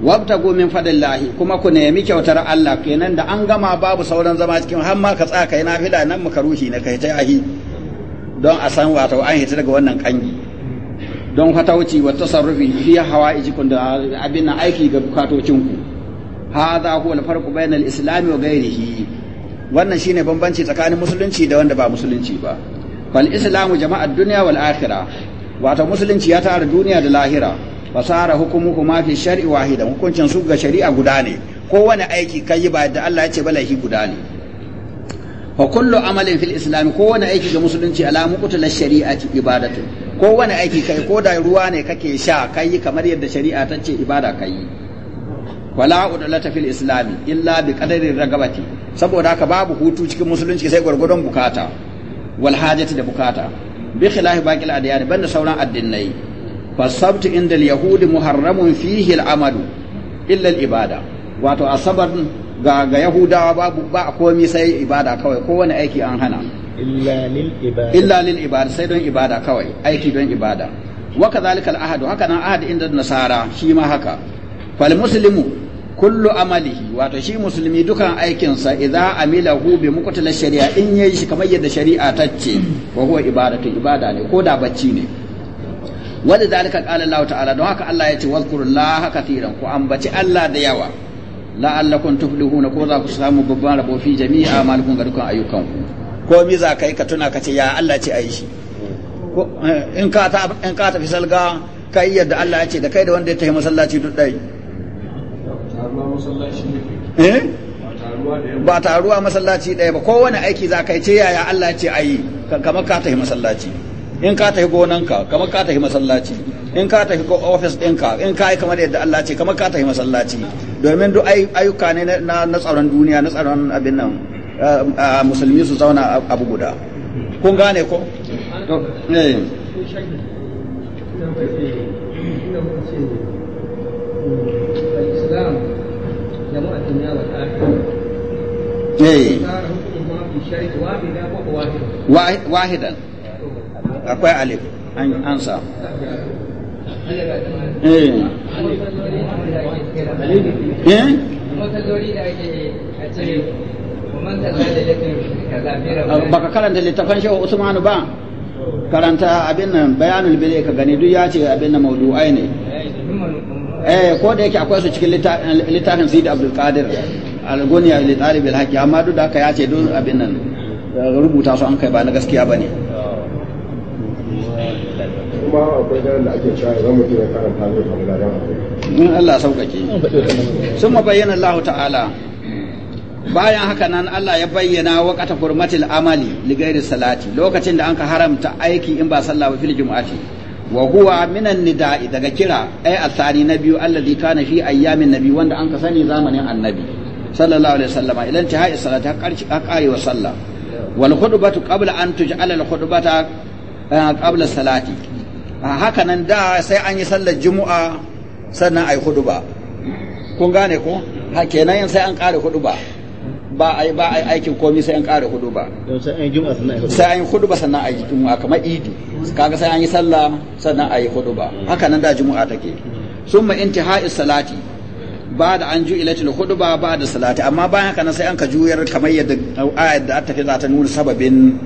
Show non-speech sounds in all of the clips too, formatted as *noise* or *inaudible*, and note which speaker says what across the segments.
Speaker 1: wabtagu min fadlillahi kuma ku nemi kyautar Allah kenan da an gama babu sauran zama cikin har ma ka tsaka yana fila nan muka ruhi na kai ta ahi don a san wato an hita daga wannan kangi don fatauci wa tasarrufi fi hawaijikum da abin na aiki ga bukatocin ku hadha huwa al-farq bayna al-islam wa ghayrihi wannan shine bambanci tsakanin musulunci da wanda ba musulunci ba fal islamu jama'a dunya wal akhirah wato musulunci ya tara duniya da lahira fasara hukumuhu ma fi shar'i wahidan hukuncin su ga shari'a guda ne kowane aiki kai ba da Allah ya ce ba guda ne fa kullu amalin fil islam kowane aiki ga musulunci ala muqtala shari'ati ibadatu kowane aiki kai ko da ruwa ne kake sha kai kamar yadda shari'a ta ce ibada kai wala udlata fil islam illa bi qadari ragabati saboda haka babu hutu cikin musulunci sai gwargwadon bukata wal hajati da bukata bi khilafi baqil ban banda sauran addinai fasabtu inda yahudi muharramun fihi al'amalu illa al'ibada wato asabar ga ga yahudawa babu ba komai sai ibada kawai kowane aiki an hana illa lil ibada sai don ibada kawai aiki don ibada wa kadhalika al-ahad haka nan ahad inda nasara shi ma haka fal muslimu kullu amalihi wato shi musulmi dukan aikinsa idza amilahu bi muqtal shari'a in yayi shi kamar yadda shari'a ta ce wa huwa ibadatu ibada ne ko da bacci ne wani dalika kala Allah ta'ala don haka Allah ya ce wazkurullaha kathiran ku ambaci Allah da yawa la'allakum tuflihuna ko za ku samu babban rabo fi jami'a malikun ga dukkan ayyukan ku ko mi za kai ka tuna ka ce ya Allah ce ayi shi eh, in ka ta in ka fi salga kai yadda Allah ya ce da kai da wanda ya tafi masallaci duk dai eh? ba taruwa masallaci ɗaya ba kowane aiki za ka yi ce yaya Allah ce ayi kamar ka tafi masallaci in ka tafi gonanka kamar ka tafi masallaci in ka tafi ofis ɗinka in ka yi kamar yadda Allah ce kamar ka tafi masallaci domin duk ayyuka ne na tsaron duniya na tsaron abin nan eh, ah, musulmi su zauna abu guda kun gane ko واحدا akwai alif an sa
Speaker 2: eh. Eh? Eh? baka
Speaker 1: karanta littafan shehu usmanu ba karanta abin nan bayanul bile ka gani duk ya ce abin nan maudu'ai ne eh ko da yake akwai su cikin littafin Sayyid Abdul Qadir al-Gunya li Talib al-Haqq amma duk da ka ya ce duk abin nan rubuta su an kai ba na gaskiya bane
Speaker 2: kuma akwai daren da ake cewa karanta zai
Speaker 1: in Allah sauƙaƙe sun bayyana Allah ta'ala bayan haka nan Allah ya bayyana waqata hurmatil amali li salati lokacin da anka haramta aiki in ba sallah ba fil jumu'ati wa huwa nida'i daga kira ai asani na biyu kana fi ayyamin nabi wanda anka sani zamanin annabi sallallahu alaihi wasallam ila salati sallah wal khutbatu qabla an tuj'ala al khutbata Eh, qabla salati ah, haka nan da sai an yi sallar juma'a sannan ai huduba kun gane ko ha kenan yin sai an kare huduba ba ai ba ai aikin komai sai an kare huduba sai an yi juma'a ba. sai an yi huduba sannan ai juma'a kamar idi kaga sai an yi sallah sannan ai huduba haka nan da juma'a take summa intihai salati ba da an ju ilatul huduba ba da salati amma bayan haka nan sai an ka juyar kamar yadda ayat da ta fi za ta nuna sababin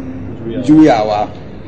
Speaker 1: juyawa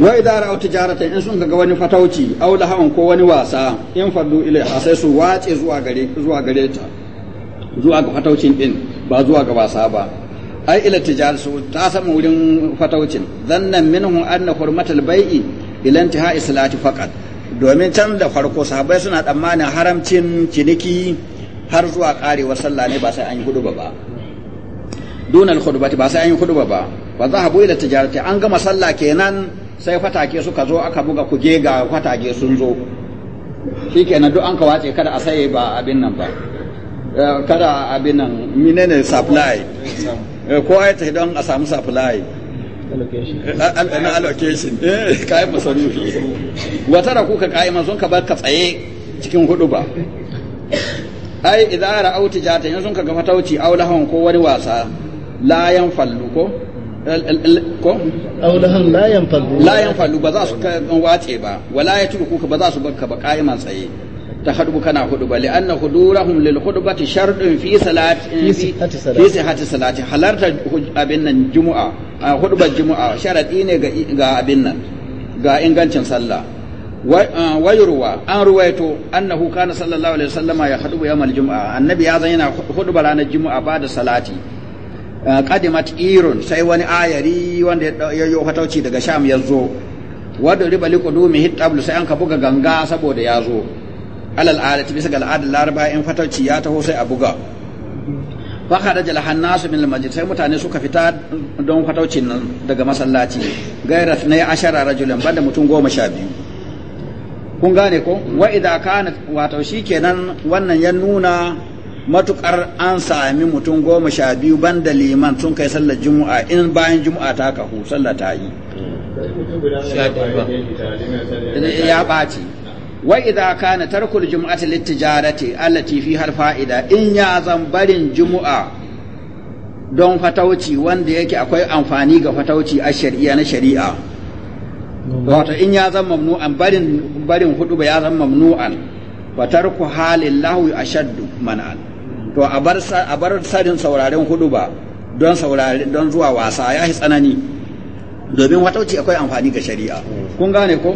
Speaker 1: wa idza ra'aw tijaratan in sun ga wani fatauci aw lahawan ko wani wasa in faddu ilai sai su wace zuwa gare zuwa gare ta zuwa ga fataucin din ba zuwa ga wasa ba ai ila tijar su ta samu wurin fataucin zannan minhu anna hurmatal bai'i ila intihai islati faqat domin can da farko sahabbai suna tsammanin haramcin ciniki har zuwa karewar sallah ne ba sai an yi hudu ba duna al ba sai an yi khutba ba fa zahabu ila tijarati an gama sallah kenan sai fatake suka zo aka buga kuge ga fatake sun zo kenan duk an ka wace kada a saye ba abin nan ba eh, kada abin nan menene supply eh, ko ai ta don a samu supply
Speaker 2: eh,
Speaker 1: na allocation kayan sanu wata da kuka kaima sun ka bar ka tsaye cikin hudu ba ai idara autijata jata yanzu ka ga fatauci aulahon ko wani wasa la yanfallu ko ko aulahum la yanfallu la yanfallu ba za su wace ba wala ya ci yatrukuka ba za su barka ba qa'iman tsaye ta hadu kana hudu ba li'anna hudurahum lil hudubati shartun fi salati fi sihhati salati halarta abin nan jumu'a hudubar jumu'a sharadi ne ga ga abin nan ga ingancin sallah wayurwa an ruwaito annahu kana sallallahu alaihi wasallama ya hadubu yawmal jumu'a annabi ya zan yana hudubar ranar jumu'a ba da salati Kadimat eh, irun sai wani ayari wanda ya yi fatauci daga sham ya zo wadda riba li qudumi hitablu sai an ka buga ganga saboda ya zo alal alati bisa ga al'adar laraba in fatauci ya taho sai a buga fa kharaja nasu min sai mutane suka fita don fataucin nan daga masallaci gairat na ashara rajulan banda mutum goma sha biyu kun gane ko wa idza kana wato shikenan wannan ya nuna matukar an sami mutum goma sha biyu ban da liman sun kai sallar juma'a in bayan juma'a ta kahu sallar ta yi ya ɓaci wa idza kana tarkul jumu'ati litijarati allati fi har fa'ida in ya zan barin jumu'a don fatauci wanda yake akwai amfani ga fatauci a shari'a na shari'a wato in ya zan mamnu'an barin barin hudu ba ya zan mamnu'an wa tarku halin lahu ashaddu man'an to a bar a bar sarin sauraren hudu ba don sauraren don zuwa wasa ya yi tsanani domin watauci akwai amfani ga shari'a kun gane ko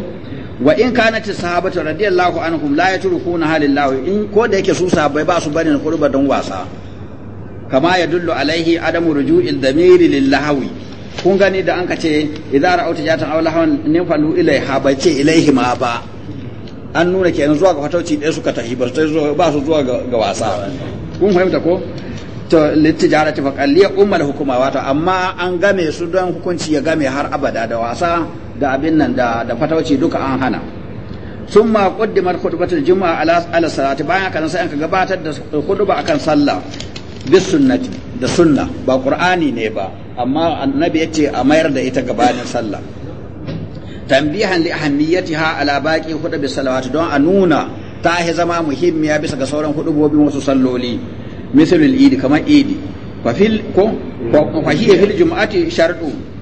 Speaker 1: wa in ta sahabatu radiyallahu anhum la yatrukuna halillahi in ko da yake su sahabbai ba su barin hudu don wasa kama ya dullu alaihi adamu ruju'il damiri lillahawi kun gani da an ka ce idan ra'au tijatan aw lahawan nin falu ilaiha ba ce ilaihi ma ba an nuna kenan zuwa ga fatauci ɗaya suka tafi ba su zuwa ga wasa kun fahimta ko to littijara ta faƙalliya ummar hukuma wato amma an game su don hukunci ya game har abada da wasa da abin nan da da fatauci duka an hana sun ma kuddimar khutbatul juma'a ala ala salati bayan haka sai an gabatar da khutba akan sallah bis sunnati da sunna ba qur'ani ne ba amma annabi yace a mayar da ita gabanin sallah tambihan li ahammiyatiha ala baqi khutbi salawat don a nuna ta yi zama muhimmiya bisa ga sauran hudubobin wasu salloli misalul idi kamar idi fa fil ko jumu'ati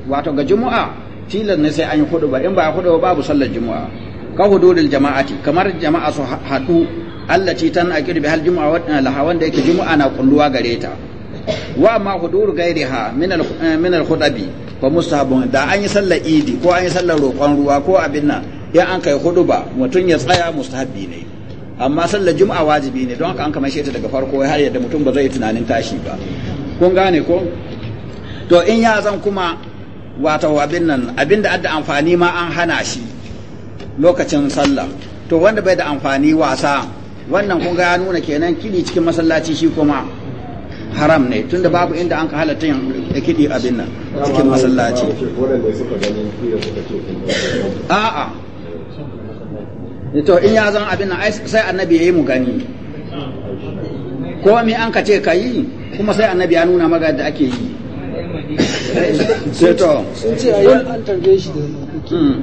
Speaker 1: wato ga jumu'a tilan ne sai an yi ba in ba ba babu sallar jumu'a ka jama'a jama'ati kamar jama'a su haɗu allati tan aqidu hal jumu'a wa eh, laha wanda yake jumu'a na kulluwa gare ta wa ma hudur gairiha min al eh, min al khudabi mustahabun da an yi sallar idi ko an yi sallar roƙon ruwa ko abin nan in an kai hudu ba mutum ya tsaya mustahabi ne amma sallar juma'a wajibi ne don haka an kamar ta daga farko har yadda mutum ba zai yi tunanin tashi ba kun gane ko to in ya zan kuma wato abin nan abin da adda amfani ma an hana shi lokacin sallah to wanda bai da amfani wasa wannan kun ga ya nuna kenan kidi cikin masallaci shi kuma haram ne tunda babu inda an ka halatta yin kidi abin nan cikin masallaci
Speaker 2: a'a
Speaker 1: to in ya zan abin nan sai annabi ya yi mu gani ko mi an ka ce ka yi kuma sai annabi ya nuna maga da ake yi sun ce an
Speaker 2: tarbe shi da mm.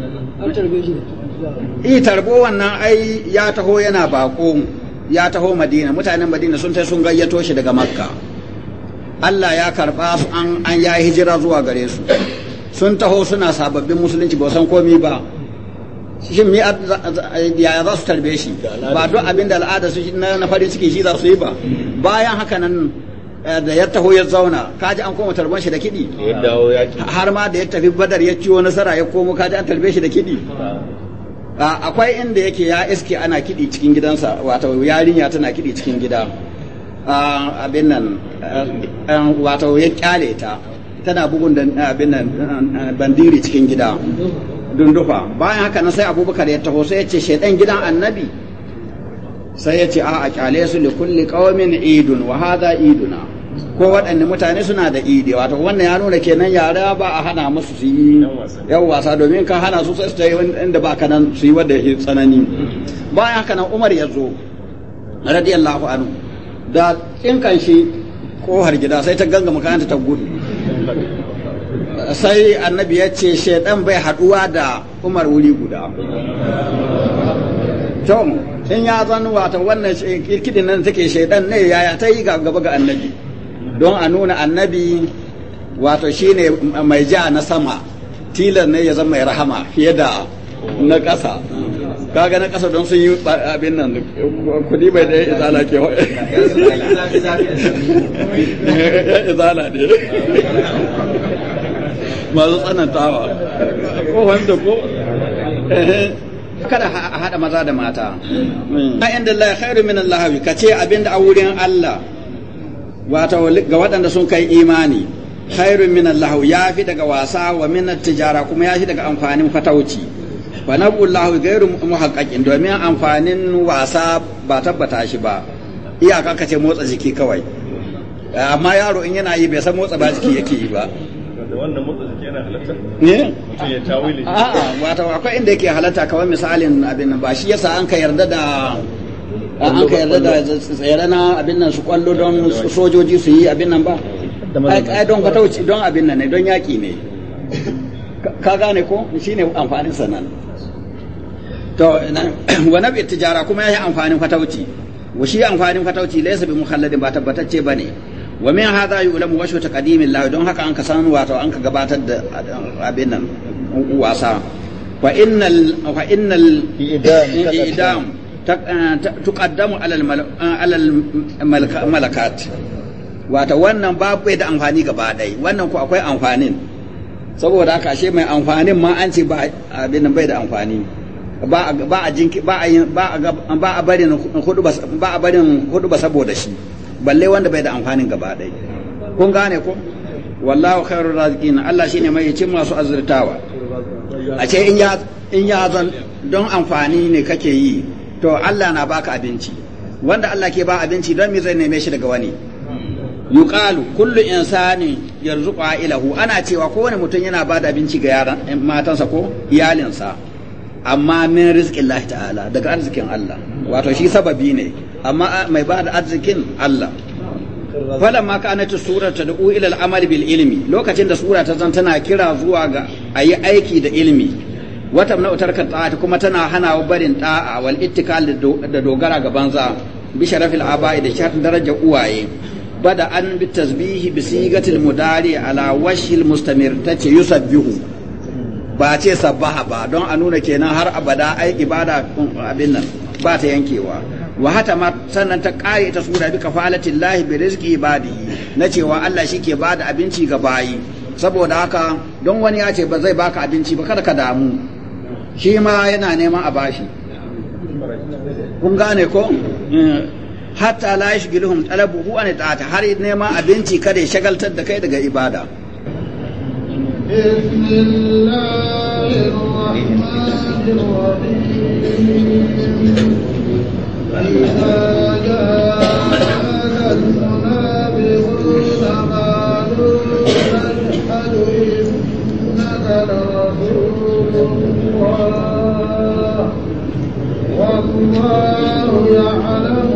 Speaker 2: an tarbe shi da
Speaker 1: i tarbo wannan ai ya taho yana bako ya taho madina mutanen madina sun tai sun gayyato shi daga makka Allah ya karba an an ya hijira zuwa gare su sun taho suna sababbin musulunci ba san komi ba shin mi ya za su tarbe shi ba duk abin da al'ada su na farin ciki shi za su yi ba bayan haka nan eh, da ya taho ya zauna kaji an koma tarban shi da kiɗi har ma da ya tafi badar ya ciwo nasara ya komo kaji an tarbe shi da kiɗi ah, akwai inda yake ya iske ana kiɗi cikin gidansa wato yarinya tana kiɗi cikin gida ah, abin nan eh, eh, wato ya kyale ta tana bugun da abin nan bandiri cikin gida dundufa bayan haka nan sai abubakar ya taho sai ya ce shaidan gidan annabi sai ya ce a a kyale su li kulli qaumin idun wa haza iduna ko waɗanne mutane suna da idi wato wannan ya nuna kenan yara ba a hana musu su yi yan wasa domin ka hana su sai su ta yi inda ba ka nan su yi wadda ya tsanani bayan haka nan umar ya zo radiyallahu anhu da tsinkan shi kohar gida sai ta ganga makaranta ta gudu sai annabi ya ce shaidan bai haduwa da umar wuri guda tom in ya zan wata wannan kirkidin nan take shaidan ne yaya ta yi gaba ga annabi don a nuna annabi wato shine mai ja na sama tilar ne ya zama mai rahama fiye da na ƙasa kaga na ƙasa don sun yi abin nan kudi bai da izala ke wa *laughs* izala ne masu tsanantawa ko wanda ko kada a haɗa maza da mata
Speaker 2: na
Speaker 1: hmm. inda Allah khairu min Allah ka ce abinda a wurin Allah wata ga waɗanda sun kai imani khairu min Allah ya fi daga wasa wa min tijara kuma ya fi daga amfanin fatauci wa naqul lahu ghairu muhaqqaqin domin amfanin wasa ba tabbata shi ba iyaka ka ce motsa jiki kawai amma yaro in yana yi bai san motsa ba jiki yake yi ba
Speaker 2: da wannan motsa jiki yana halatta eh mutum ya tawili a'a
Speaker 1: wato akwai inda yake halatta kawai misalin abin nan ba shi yasa an ka yarda da
Speaker 2: an ka yarda da tsere
Speaker 1: na abin nan su kwallo don sojoji su yi abin nan ba ai don fatauci don abin nan ne don yaki ne ka gane ko shine amfanin sanan to *clears throat* wa nabi tijara kuma yi amfanin fatauci wa shi amfanin fatauci laysa bi mukhalladin ba tabbatacce bane wa min hadha yulamu washu taqdim Allah don haka an ka san wato an ka gabatar da abin nan wasa fa innal fa innal idam tuqaddamu alal alal malakat wato wannan babu da amfani gaba dai wannan ko akwai amfanin saboda haka shi mai amfanin ma an ce ba abin nan bai da amfani ba a jinki ba a ba a barin hudu ba a barin hudu ba saboda shi balle wanda bai da amfanin gaba ɗaya kun gane ko wallahu khairu razikin Allah shine mai cin masu azurtawa a ce in ya zan don amfani ne kake yi to Allah na baka abinci wanda Allah ke ba abinci don me zai neme shi daga wani yuqalu kullu insani yarzuqu ilahu ana cewa kowane mutum yana ba da abinci ga yaran eh, matansa ko iyalinsa amma min rizqillahi ta'ala daga arzikin Allah wato shi sababi ne amma ah, mai ba da arzikin Allah falamma kanat sura tad'u ila al bil ilmi lokacin da sura ta zan tana kira zuwa ga a yi aiki da ilmi wata na utarka ta kuma tana hana barin da'a wal ittikal da dogara ga banza bi sharafil aba'i da sharafin daraja uwaye bada an bi tasbihi bi sigatil mudari ala washil mustamir tace yusabbihu ba ce sabbaha ba don a nuna kenan har abada ai ibada abin nan ba ta yankewa wa hata ma sannan ta kare ta sura bi kafalatin lahi bi rizqi ibadihi na cewa Allah shi ke bada abinci ga bayi saboda haka don wani ya ce ba zai baka abinci ba kada ka damu shi ma yana neman a bashi kun gane ko hatta la yashghiluhum talabuhu an ta'ata har neman abinci kada ya shagaltar da kai daga ibada
Speaker 2: Bismillahirrahmanirrahim فإذا جاء المنافقون قالوا نشهد إنك لرسول الله والله يعلم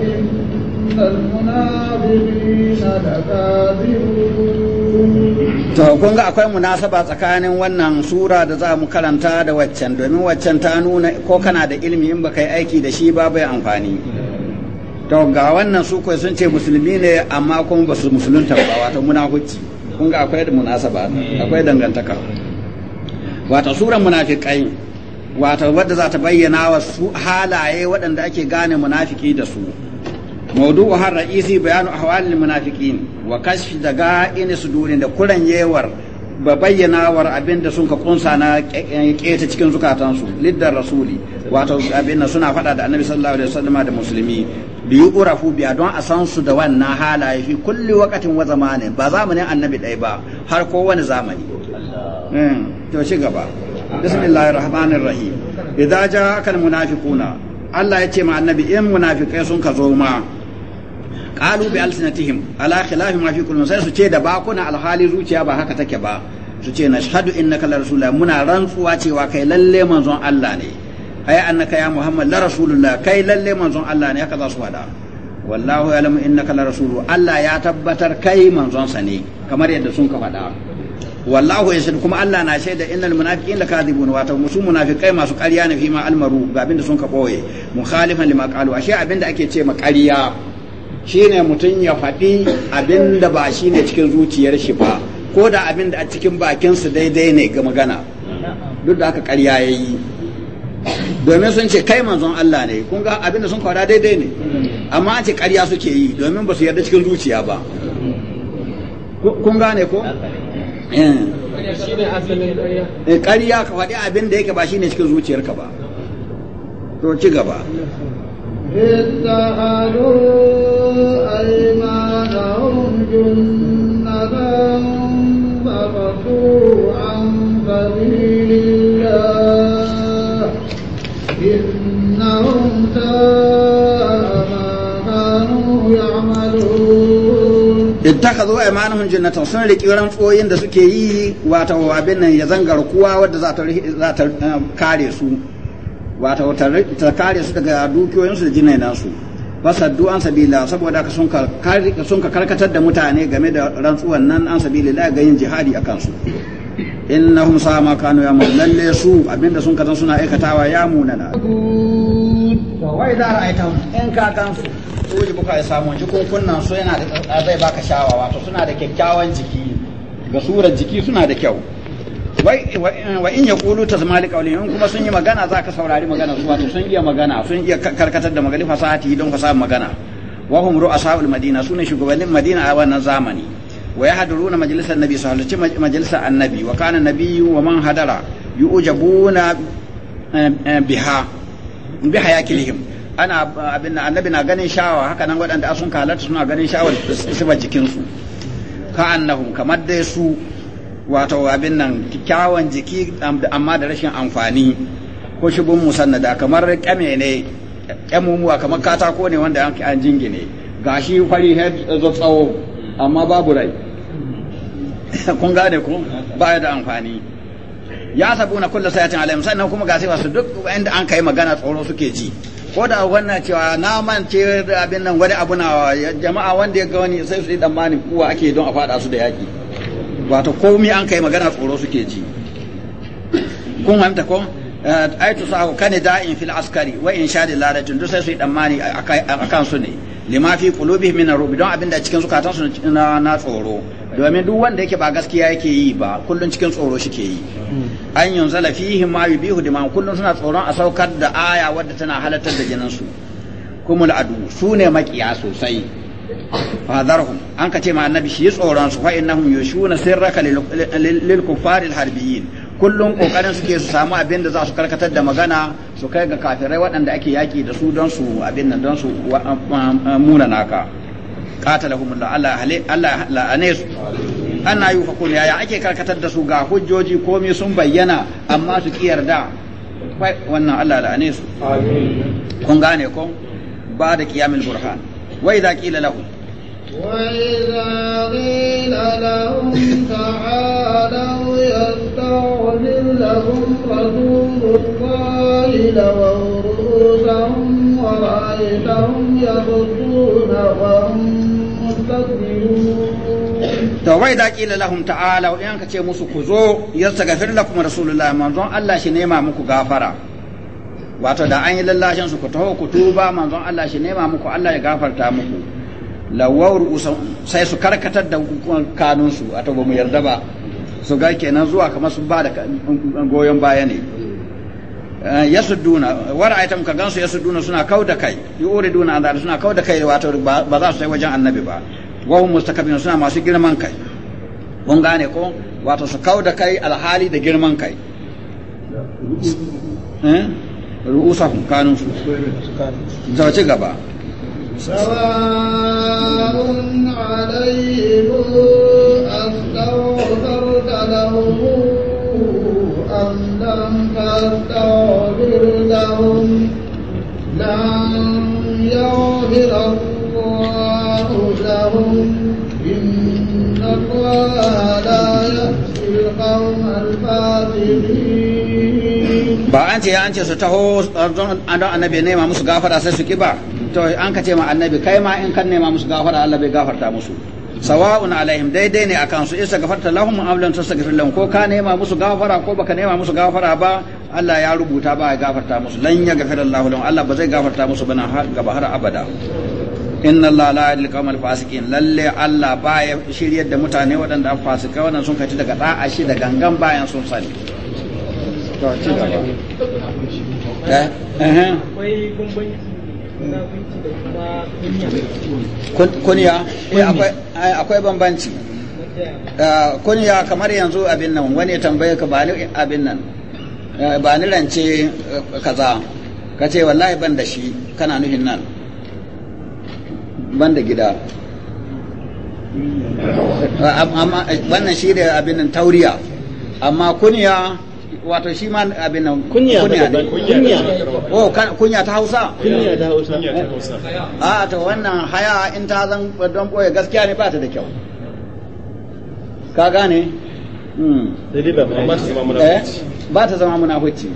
Speaker 2: إن المنافقين لكاذبون to
Speaker 1: kun ga akwai munasaba tsakanin wannan sura da za mu karanta da waccan domin waccan ta nuna ko kana da ilimi in baka yi aiki da shi ba bai amfani to ga wannan su kai sun ce musulmi ne amma kuma ba su musulunta ba wato munafici kun ga akwai da munasaba akwai dangantaka wato suran munafiqai wato wadda za ta bayyana wa su halaye waɗanda ake gane munafiki da su موضوعها الرئيسي بيان أحوال المنافقين وكشف دقائن صدور da kuran yewar ba bayyana war abin da kunsa na keta cikin zukatansu liddar rasuli wata abin suna faɗa da annabi sallallahu alaihi wasallam da musulmi bi urafu biya don a san su da wannan halaye fi kulli waqatin wa zamanin ba zamanin annabi ɗaya ba har ko wani zamani to shi gaba bismillahir rahmanir rahim idza kan al munafiquna Allah ya ce ma annabi in munafikai sun ka zo qalu bi alsinatihim ala khilafi ma fi kullu sai su ce da bakuna alhali zuciya ba haka take ba su ce nashhadu innaka la rasulullah muna rantsuwa cewa kai lalle manzon Allah ne ai annaka ya muhammad la rasulullah kai lalle manzon Allah ne haka za su wada wallahu ya'lamu innaka la rasulu Allah ya tabbatar kai manzon sa ne kamar yadda sun ka faɗa wallahu yashhad kuma Allah na shaida innal munafiqina kadhibun wato musu munafikai masu ƙarya na fi ma almaru ga abinda sun ka boye mukhalifan lima qalu ashe abinda ake ce ma ƙarya shine mutum ya faɗi abin da ba shine cikin zuciyar shi ba ko da abin da a cikin bakinsu daidai ne ga magana duk da aka karya ya yi domin sun ce kai manzon Allah ne kun ga abin da sun kwada daidai ne amma an ce karya suke yi domin ba su yarda cikin zuciya ba kun gane ko karya eh. eh, ka faɗi abin da yake ba shine cikin zuciyarka ba to ci gaba
Speaker 2: Istahalu almanahun Juna sun bafa so an bazi lilla, innaun ta
Speaker 1: sun riƙe ran tsohon da suke yi wa ta wu nan ya zanga raƙuwa wadda za ta kare su. wato ta kare su daga dukiyoyinsu da jinai nasu fasaddu an sabila saboda ka sun ka karkatar da mutane game da rantsuwan nan an sabila la ga yin jihadi a kansu innahum sa ma kanu ya mun lalle su abinda sun kazan suna aikatawa ya munana to wai da ra'aita in ka buka ya samu su yana da zai baka shawa wato suna da kyakkyawan jiki ga surar jiki suna da kyau wa in ta zama qawli in kuma sun yi magana za ka saurari magana su wato sun iya magana sun iya karkatar da magani fasahati don fasahar magana wa hum ru'asaul madina sune shugabannin madina a wannan zamani wa yahduruna majalisar nabi sallallahu alaihi wasallam annabi wa kana nabiyyu wa man hadara yu'jabuna eh, eh, biha ya hayakilihim ana abin annabi na ganin shawa haka nan waɗanda sun kalata suna ganin shawar sifar jikinsu ka annahum kamar dai su wato abin nan kyawun jiki amma da rashin amfani ko shubun musannada kamar kame ne kyamumuwa kamar katako ne wanda an jingine gashi fari head zo tsawo amma babu rai *laughs* kun gane ku baya da amfani ya sabu na kulla sayatin alayhim sannan kuma ga sai wasu duk inda an kai magana tsoro suke ji ko da wannan cewa na mance abin nan wani abu na jama'a wanda ya ga wani sai su yi tsammanin kuwa ake don a fada su da yaki wato komi an kai magana tsoro suke ji kun fahimta ko eh, ai to sa da in fil askari wa in sha da duk sai su yi damani akan su ne lima fi qulubihim min rubi don abinda cikin zukatan su na na tsoro domin duk wanda yake ba gaskiya yake yi ba kullun cikin tsoro shike yi an yunzala fihi ma yubihu dima kullun suna tsoron a saukar da aya wadda tana halatar da jinin su kumul adu su ne makiya sosai fadarhum an ka ce ma annabi shi tsoron su fa innahum yushuna sirraka lil kuffar al harbiyin kullun kokarin suke su samu abinda da za su karkatar da magana su kai ga kafirai waɗanda ake yaki da su don su abin don su muna naka qatalahum Allah Allah la anes ana yufakun ake karkatar da su ga hujjoji komai sun bayyana amma su yarda wannan Allah ba da wa idza qila lahu وإذا قيل لهم
Speaker 2: تعالوا يستغفر لهم رسول الله لووا رؤوسهم ورأيتهم يصدون وهم
Speaker 1: to wai da kila lahum ta'ala in ka ce musu ku zo yastaghfir lakum rasulullah manzon Allah shi nema muku gafara wato da an yi lallashin su ku taho ku tuba manzon Allah shi nema muku Allah ya gafarta muku lawawar usan sai su karkatar da kanun su a ba mu yarda ba su ga kenan zuwa kamar su ba da goyon baya ne eh, duna war aitam ka gansu duna suna da kai duna an suna da kai wato ba za su sai wajen annabi ba wa hum suna masu girman kai kun gane ko wato su da kai alhali da girman kai eh ru'usahum kanun su zace gaba
Speaker 2: sawa'un alaihim astaghfarta lahum am lam tastaghfir lahum lan yaghfir Allah lahum inna Allah la yaghfir al-qawm al-fasiqin
Speaker 1: ba an ce ya an ce su taho don annabi nema musu gafara sai su kiba ba to an ka ce ma annabi kai ma in kan nema musu gafara Allah bai gafarta musu sawa'un alaihim daidai ne akan su isa gafarta lahum amlan lam lahum ko ka nema musu gafara ko baka nema musu gafara ba Allah ya rubuta ba ya gafarta musu lan ya gafara Allah lahum Allah ba zai gafarta musu bana har gaba har abada inna Allah la yadil qawmal fasikin lalle Allah ba ya shiryar da mutane waɗanda fasikai wannan sun kaci daga da'a shi da gangan bayan sun sani kuniya. akwai akwai bambanci ah, kamar yanzu abin nan wani tambaye ka ba ni abin nan eh, ba ni rance eh, kaza ka ce wallahi ban da shi kana nufin nan ban da gida ah, wannan shi da abin nan tauriya amma kuniya. wato shi ma abin nan kunya kunya oh kunya ta Hausa kunya ta Hausa a ah, to wannan haya in ta zan don boye gaskiya ne ba ta da kyau ka gane hmm. ba ta zama munafici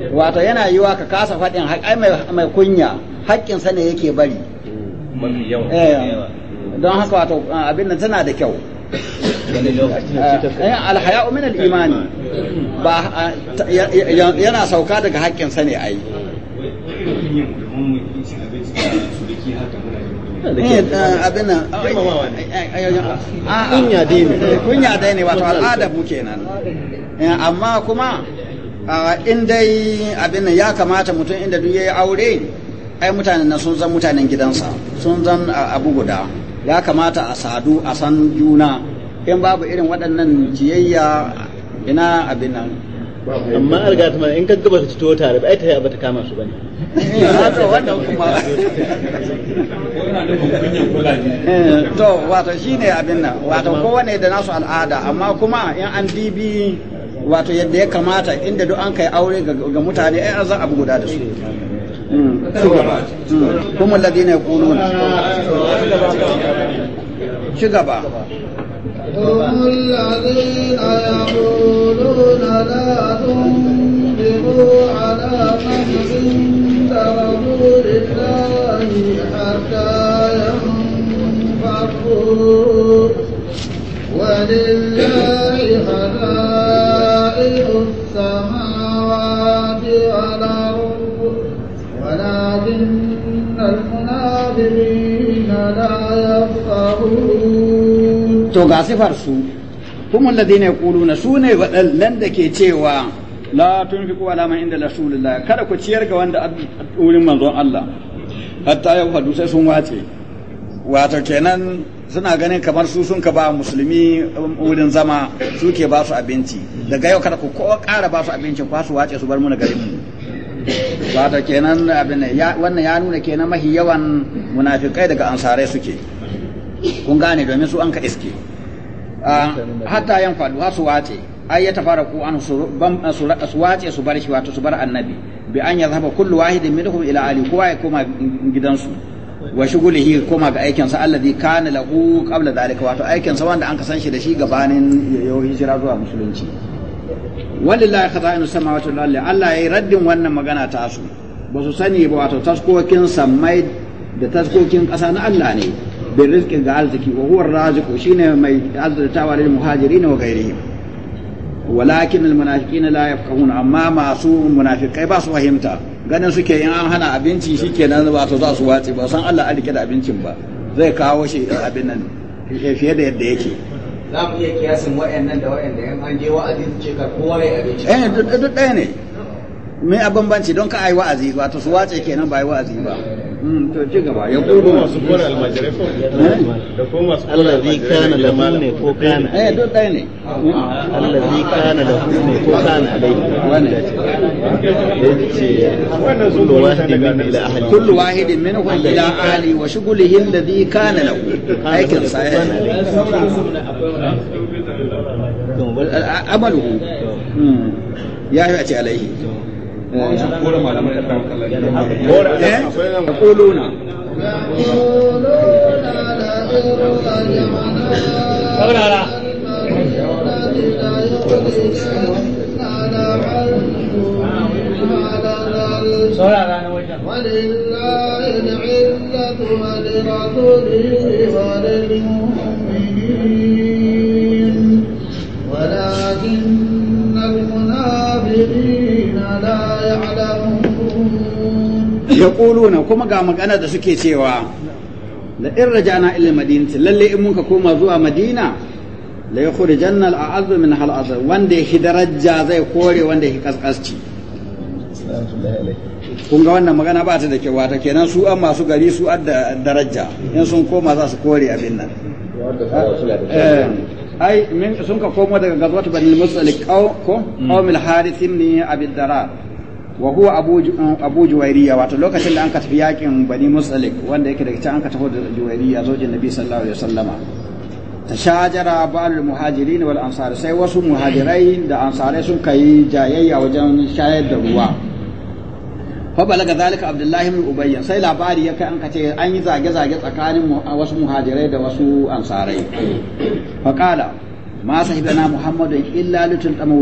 Speaker 1: eh? wato yana yiwa ka kasa faɗin ai mai kunya sa ne yake bari eh, don haka wato ah, abin nan tana da kyau haya'u min al-imani ba yana sauka daga haƙƙin sa ne ai kunya dai ne wato al'ada mu kenan amma kuma in dai abin ya kamata mutum inda duk yayi aure ai mutanen nan sun zan mutanen gidansa sun zan abu guda ya kamata a sadu a san juna in babu irin waɗannan ciyayya ina abin nan amma a riga in ka gaba su ci tare ba ta ba abata kama su bane wannan kuma to wato shine abin nan wato kowane da nasu al'ada amma kuma in an dibi wato yadda ya kamata inda duk an kai aure ga mutane ai azan abu guda da su هم الذين يقولون
Speaker 2: Shugaba. Mm. هم الذين يقولون لا تنفقوا على من تركوا لله حتى ينفقوا ولله خلائق السماوات والأرض ولكن المنافقين لا يفقهون to ga
Speaker 1: sifar su kulu na su ne waɗannan da ke cewa la tun fi kuwa lamar inda rasulillah kada ku ciyar ga wanda wurin manzon Allah hatta yau hadu sai sun wace wato kenan suna ganin kamar su sun ka ba musulmi um, wurin zama suke ba su abinci daga yau kada ku ko ƙara ba su abinci ku su wace su bar mu na garin mu wato kenan abin wannan ya nuna kenan mahi yawan munafikai daga ansarai suke kun gane domin su an ka iske ah, hatta yan faɗu har su wace ai ya tafara ku an su wace su bar shi wato su bar annabi bi an ya yazhaba kullu wahidin minhum ila ali kowa ya koma gidansu wa shughulihi koma ga aikinsa alladhi kana lahu qabla dhalika wato aikinsa wanda an kasan shi da shi gabanin yayo hijira zuwa musulunci wallahi khaza'inu samawati wal ardi Allah yayi raddin wannan magana ta su ba su sani ba wato taskokin samai da taskokin ƙasa na Allah ne bin rizqin ga arziki wa huwa raziqu shine mai azzatawa lil muhajirin wa ghairihim walakin al na la yafqahun amma masu munafiqai ba su fahimta ganin suke yin an hana abinci shikenan ba su za su wace ba san Allah alike da abincin ba zai kawo shi abin nan fiye da yadda yake za mu iya kiyasin wa'yan nan da waɗanda yan an je wa'azi su ce ka kowa ya abinci eh duk ɗaya ne me a bambanci don ka ai wa'azi wato su wace kenan ba ai wa'azi ba Mm, to ci gaba ya kudu masu kore almajirai ko da ko masu kore allazi kana da ne ko kana eh duk ɗaya ne allazi kana da ne ko kana alai wannan wannan su wahidin min ila ahli kullu wahidin min hu ila ahli wa shughlihi allazi kana lahu aikin sa eh. amaluhu mm. ya yi a ce alaihi kora
Speaker 2: malamai da kan kallon ولله العزة ولرسوله وللمؤمنين
Speaker 1: yaquluna kuma ga magana da suke cewa la in rajana ila madinati lalle in mun ka koma zuwa madina la yukhrijanna al min hal wanda yake daraja zai kore wanda yake kaskasci kun ga wannan magana ba ta da kyau wata kenan su an masu gari su an da daraja in sun koma za su kore abin nan eh, ai sun ka komo daga gazwat banil musalik ko hmm. qawmil harith ibn abi darar wa huwa um, abu juwairiya wato lokacin da an ka tafi yakin bani musalik wanda yake daga can an ka taho da juwairiya zojin nabi sallallahu alaihi wasallama tashajara ba'al muhajirin wal ansar sai wasu muhajirai da ansarai sun kai jayayya wajen shayar da ruwa fa balaga zalika abdullahi ibn ubayy sai labari ya kai an kace an yi zage zage tsakanin wasu muhajirai da wasu ansarai fa qala ma sahibana muhammadun illa lutul tama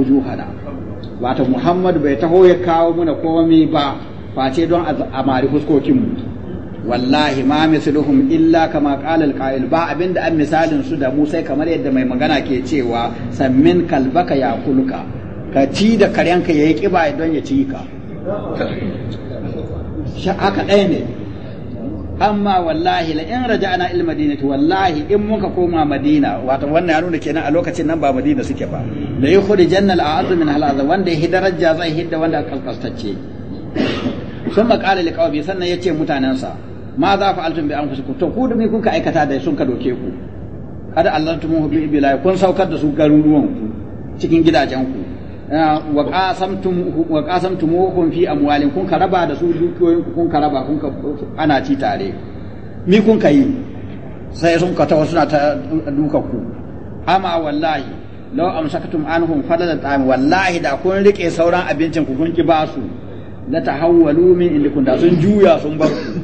Speaker 1: wato Muhammadu bai taho ya kawo muna komai ba face don a mari fuskokinmu wallahi ma misluhum illa kama qala alqa'il ba abinda an misalin su da mu kamar yadda mai magana ke cewa sammin kalbaka ya kulka ka ci da karyanka yayi kiba don ya ci ka aka ɗaya ne amma wallahi la in raja'na il madinati wallahi in muka koma madina wato wannan ya nuna kenan a lokacin nan ba madina suke ba la yukhrijanna al a'zu min al wanda ya daraja zai hidda wanda kalkastacce sun qala li qawmi sannan mutanen sa ma za fa'altum bi anfusikum to ku dumi kuka aikata da sun ka doke ku kada tumu bi ibla kun saukar da su garuruwan ku cikin gidajen ku wa qasamtum wa qasamtumuhum fi amwalin kun karaba da su dukiyoyin ku kun karaba kun ana ci tare mi kun kai sai sun ka tawo suna ta duka ku amma wallahi law amsakatum anhum falalat ta'am wallahi da kun rike sauran abincin ku kun ki basu la tahawwalu min indikum da sun juya sun bar ku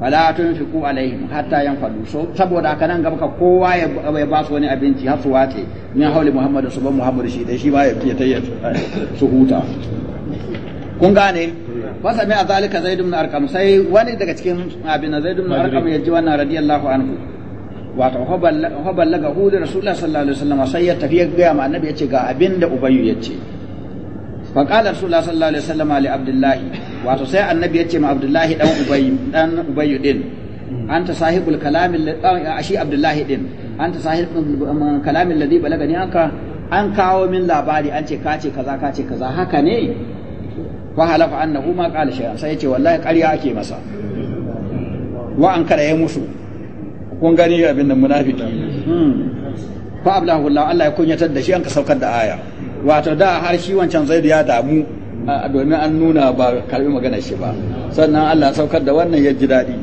Speaker 1: fala ku alaihim hatta fadu so saboda haka nan gaba kowa ya ba su wani abinci har su wace min hauli muhammadu su ban muhammadu shi dai shi ba ya fiye ta eh, su huta kun gane sa sami azalika zaid ibn arqam sai wani daga cikin abin zaid ibn arqam ya ji wannan radiyallahu anhu wato hubal laga hudu da sallallahu alaihi wasallam sai ya tafi ya ga annabi ya ce ga abinda ubayyu ya ce fa qala rasulullahi sallallahu alaihi wasallam li abdullahi wato sai annabi ya ce ma abdullahi dan ubayy dan ubayy din anta sahibul kalamin ashi abdullahi din anta sahibul um, kalamin ladhi balagani anka an kawo min labari an ce kace kaza kace kaza haka ne fa halafa annahu ma qala shay'an sai ya ce wallahi ƙarya ake masa wa an kara ya musu kun gani abin da munafiki hmm. fa Abdullahi Allah Allah ya kunyatar da shi an ka saukar da aya wato da har shi wancan zaidu ya damu domin an nuna ba karbi magana shi ba sannan Allah saukar da wannan ya ji daɗi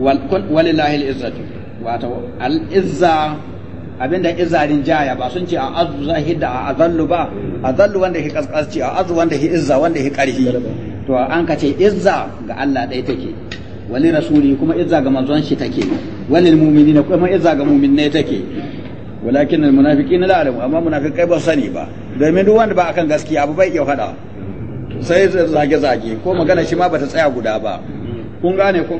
Speaker 1: walillahi al-izzatu wato al'izza abinda izarin jaya ba sun ce a azu zahid da a azallu ba A zallu wanda ke kaskasci a azu wanda ke izza wanda ke karhi to an ka ce izza ga Allah ɗaya take wali rasuli kuma izza ga manzon shi take walil mu'minina kuma izza ga mu'minai take walakin almunafiqina la alamu amma munafiqai ba sani ba domin duk wanda ba akan gaskiya abu bai iya faɗa sai zage zage ko magana shi ma bata tsaya guda ba kun gane ko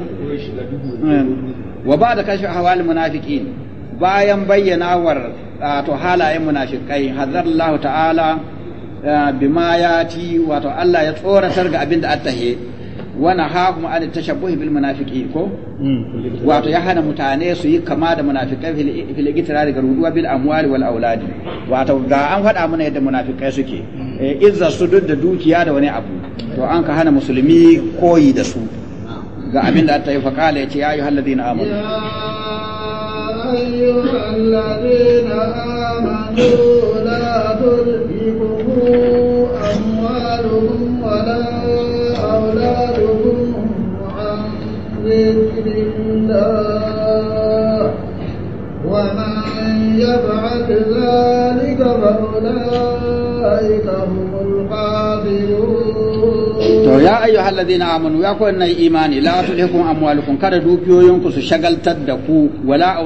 Speaker 1: wa ba da kashi ahwal munafiqin bayan bayyanawar to halayen munafiqai hazar Allah ta'ala bima yati wato Allah ya tsoratar ga abin da attahe wana nahahum an tashabbuh bil munafiqin ko
Speaker 2: mm. wato ya
Speaker 1: hana mutane su yi kama da munafikai fil igtirari ga ruduwa bil amwali wal auladi wato ga an faɗa mana yadda munafikai suke eh, izza su da dukiya da wani abu to an ka hana musulmi koyi da su ga abin da ta yi faƙala ya ce ya ayyuhal ladina
Speaker 2: amanu أيها الذين آمنوا لا تلهكم أموالهم ولا أبصارهم عن ذكر الله ومن ya
Speaker 1: ayyu imani la tulhikum amwalukum kada dukiyoyinku su shagaltar da ku wala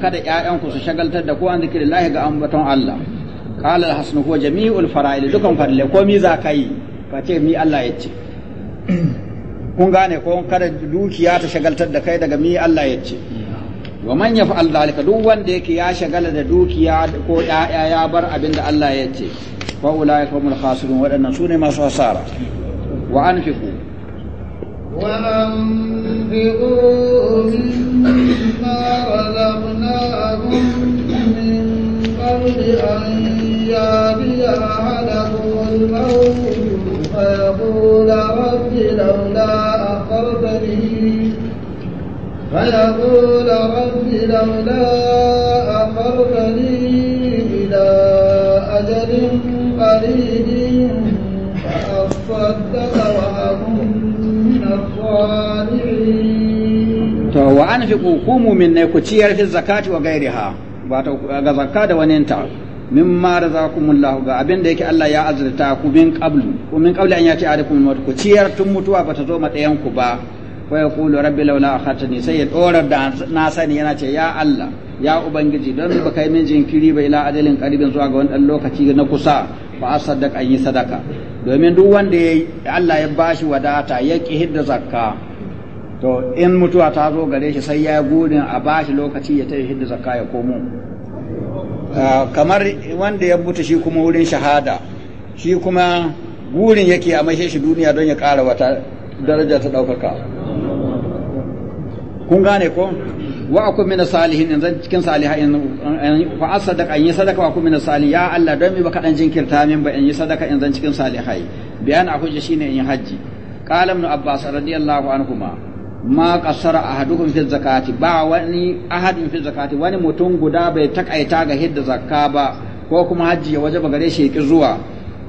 Speaker 1: kada su shagaltar da ku an ga ambaton Allah jami'ul fara'il dukan farle komi za ka kun gane ko kada dukiya ta shagaltar da kai daga mi Allah ya ce wa man yaf'al zalika duk wanda yake ya shagala da dukiya ko ya'ya ya bar abin da Allah ya ce fa ulai kumul khasirun waɗannan sune masu hasara wa anfiqu
Speaker 2: wa anfiqu فيقول رب لولا أخرتني إلى أجل قريب فأصدق وأكون من الصالحين.
Speaker 1: وأنفقوا قوموا من كتير في الزكاة وغيرها. wato ga zakka da wani ta, min ma waninta mimma razaqakumullahu ga abin da yake Allah ya azurta ku min ƙablu, ku min ƙablu an ya ce adakum mawt ku ciyar tun mutuwa bata zo ma ɗayan ku ba fa yaqulu rabbi laula ne sai ya dorar da na sani yana ce ya Allah ya ubangiji don ba kai min jinkiri ba ila adalin karibin zuwa ga wani dan lokaci na kusa fa asaddaq an yi sadaka domin duk wanda ya Allah ya bashi wadata ya ki hidda zakka to in mutuwa ta zo gare shi sai ya gurin a bashi lokaci ya tayi hidda zakka ya komo ah, kamar wanda ya buta shi kuma wurin shahada shi kuma gurin yake a mai shi duniya don ya kara wata daraja ta ɗaukaka kun gane ko wa aku min salihin in zan cikin salihin fa asadaka in yi sadaka wa aku min salihin ya Allah don mi baka dan jinkirta min ba in yi sadaka in zan cikin salihai bayan aku ji shine in yi haji qala ibn abbas radiyallahu anhuma ma qasara ahadukum fi zakati ba wani ahadin fi zakati wani mutum guda bai takaita ga hidda zakka ba ko kuma haji ya ba gare shi ki zuwa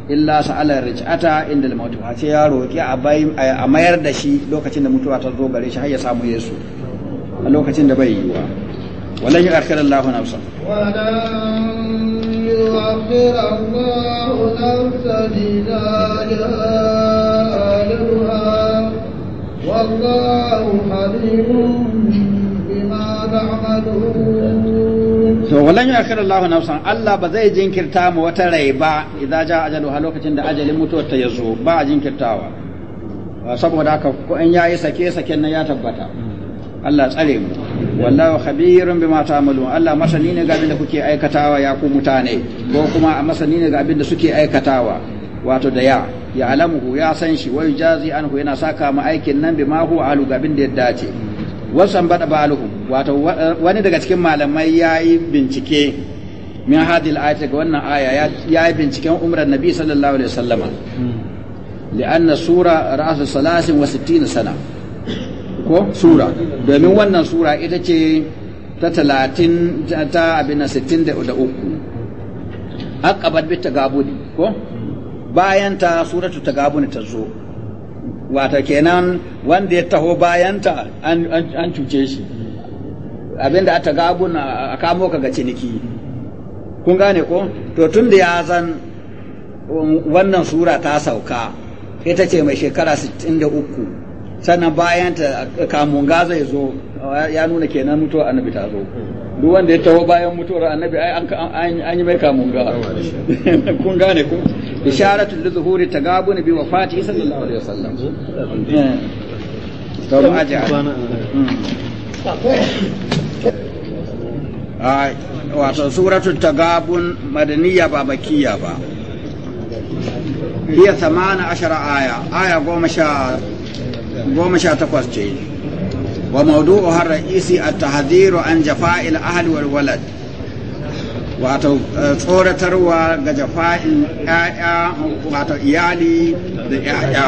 Speaker 1: illa sa'ala rij'ata inda al-maut sai ya roki a mayar da shi lokacin da mutuwa ta zo gare shi har ya samu Yesu a lokacin da bai yiwa walan yi arkar Allah nafsa to walan yi arkar Allah nafsa Allah ba zai jinkirta mu wata rai ba idan ja A lokacin da ajalin mutuwar ta yazo ba a jinkirtawa saboda haka ko an yayi sake saken nan ya tabbata Allah tsare mu wallahu khabirun bima ta'malun Allah masani ne ga abin da kuke aikatawa ya ku mutane ko kuma masani ne ga abin da suke aikatawa wato da ya ya alamu ya san shi wa yujazi anhu yana saka mu aikin nan bima hu alu ga abin da ya dace wasan bada baluhu wato wani daga cikin malamai yayi bincike min hadil ayati ga wannan aya yayi binciken umrar nabi sallallahu alaihi wasallama لأن السورة رأس ثلاث وستين سنة ko sura domin wannan sura ita ce ta talatin ta abin sittin da uku akabar bi tagabuni ko bayan ta suratu gabuni ta zo wata kenan wanda ya taho bayanta an cuce shi abinda a tagabun a kamo ka ga ciniki kun gane ko to tun da ya zan um, wannan sura ta sauka ita ce mai shekara 63 sannan bayan ta kamun gaza ya zo ya nuna kenan mutuwar annabi ta zo duk wanda ya taho bayan mutuwar annabi ai an yi mai kamun ga *laughs* kun gane ku isharatu li zuhuri tagabun bi wafati sallallahu alaihi wasallam to mu aja wato suratul tagabun madaniya ba makiya ba هي ثمان عشر آية آية قوم شاء goma sha takwas ce wa maudu'u har ra'isi a tahadiru an jafa'il ahli wal walad wato eh, tsoratarwa ga jafa'in ya'ya wato iyali da ya'ya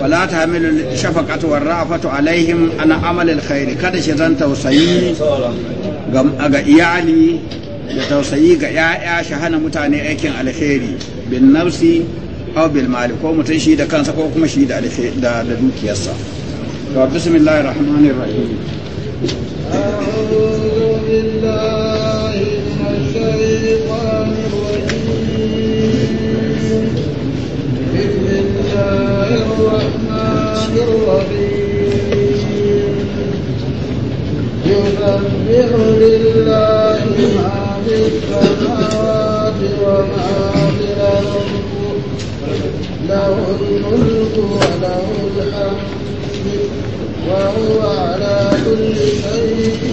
Speaker 1: wala ta hamilu shafaqatu war ra'afatu alaihim ana amalil khairi kada shi zan tausayi ga iyali da tausayi ga yaya shi hana mutane aikin alheri bin nafsi او بالمال كو متي شي دا كان سكو مشي شي دا دا دا طيب، بسم الله الرحمن الرحيم اعوذ بالله من الشيطان
Speaker 2: الرحمن الرحيم يسبح لله ما في السماوات وما له الملك وله الحمد وهو على كل شيء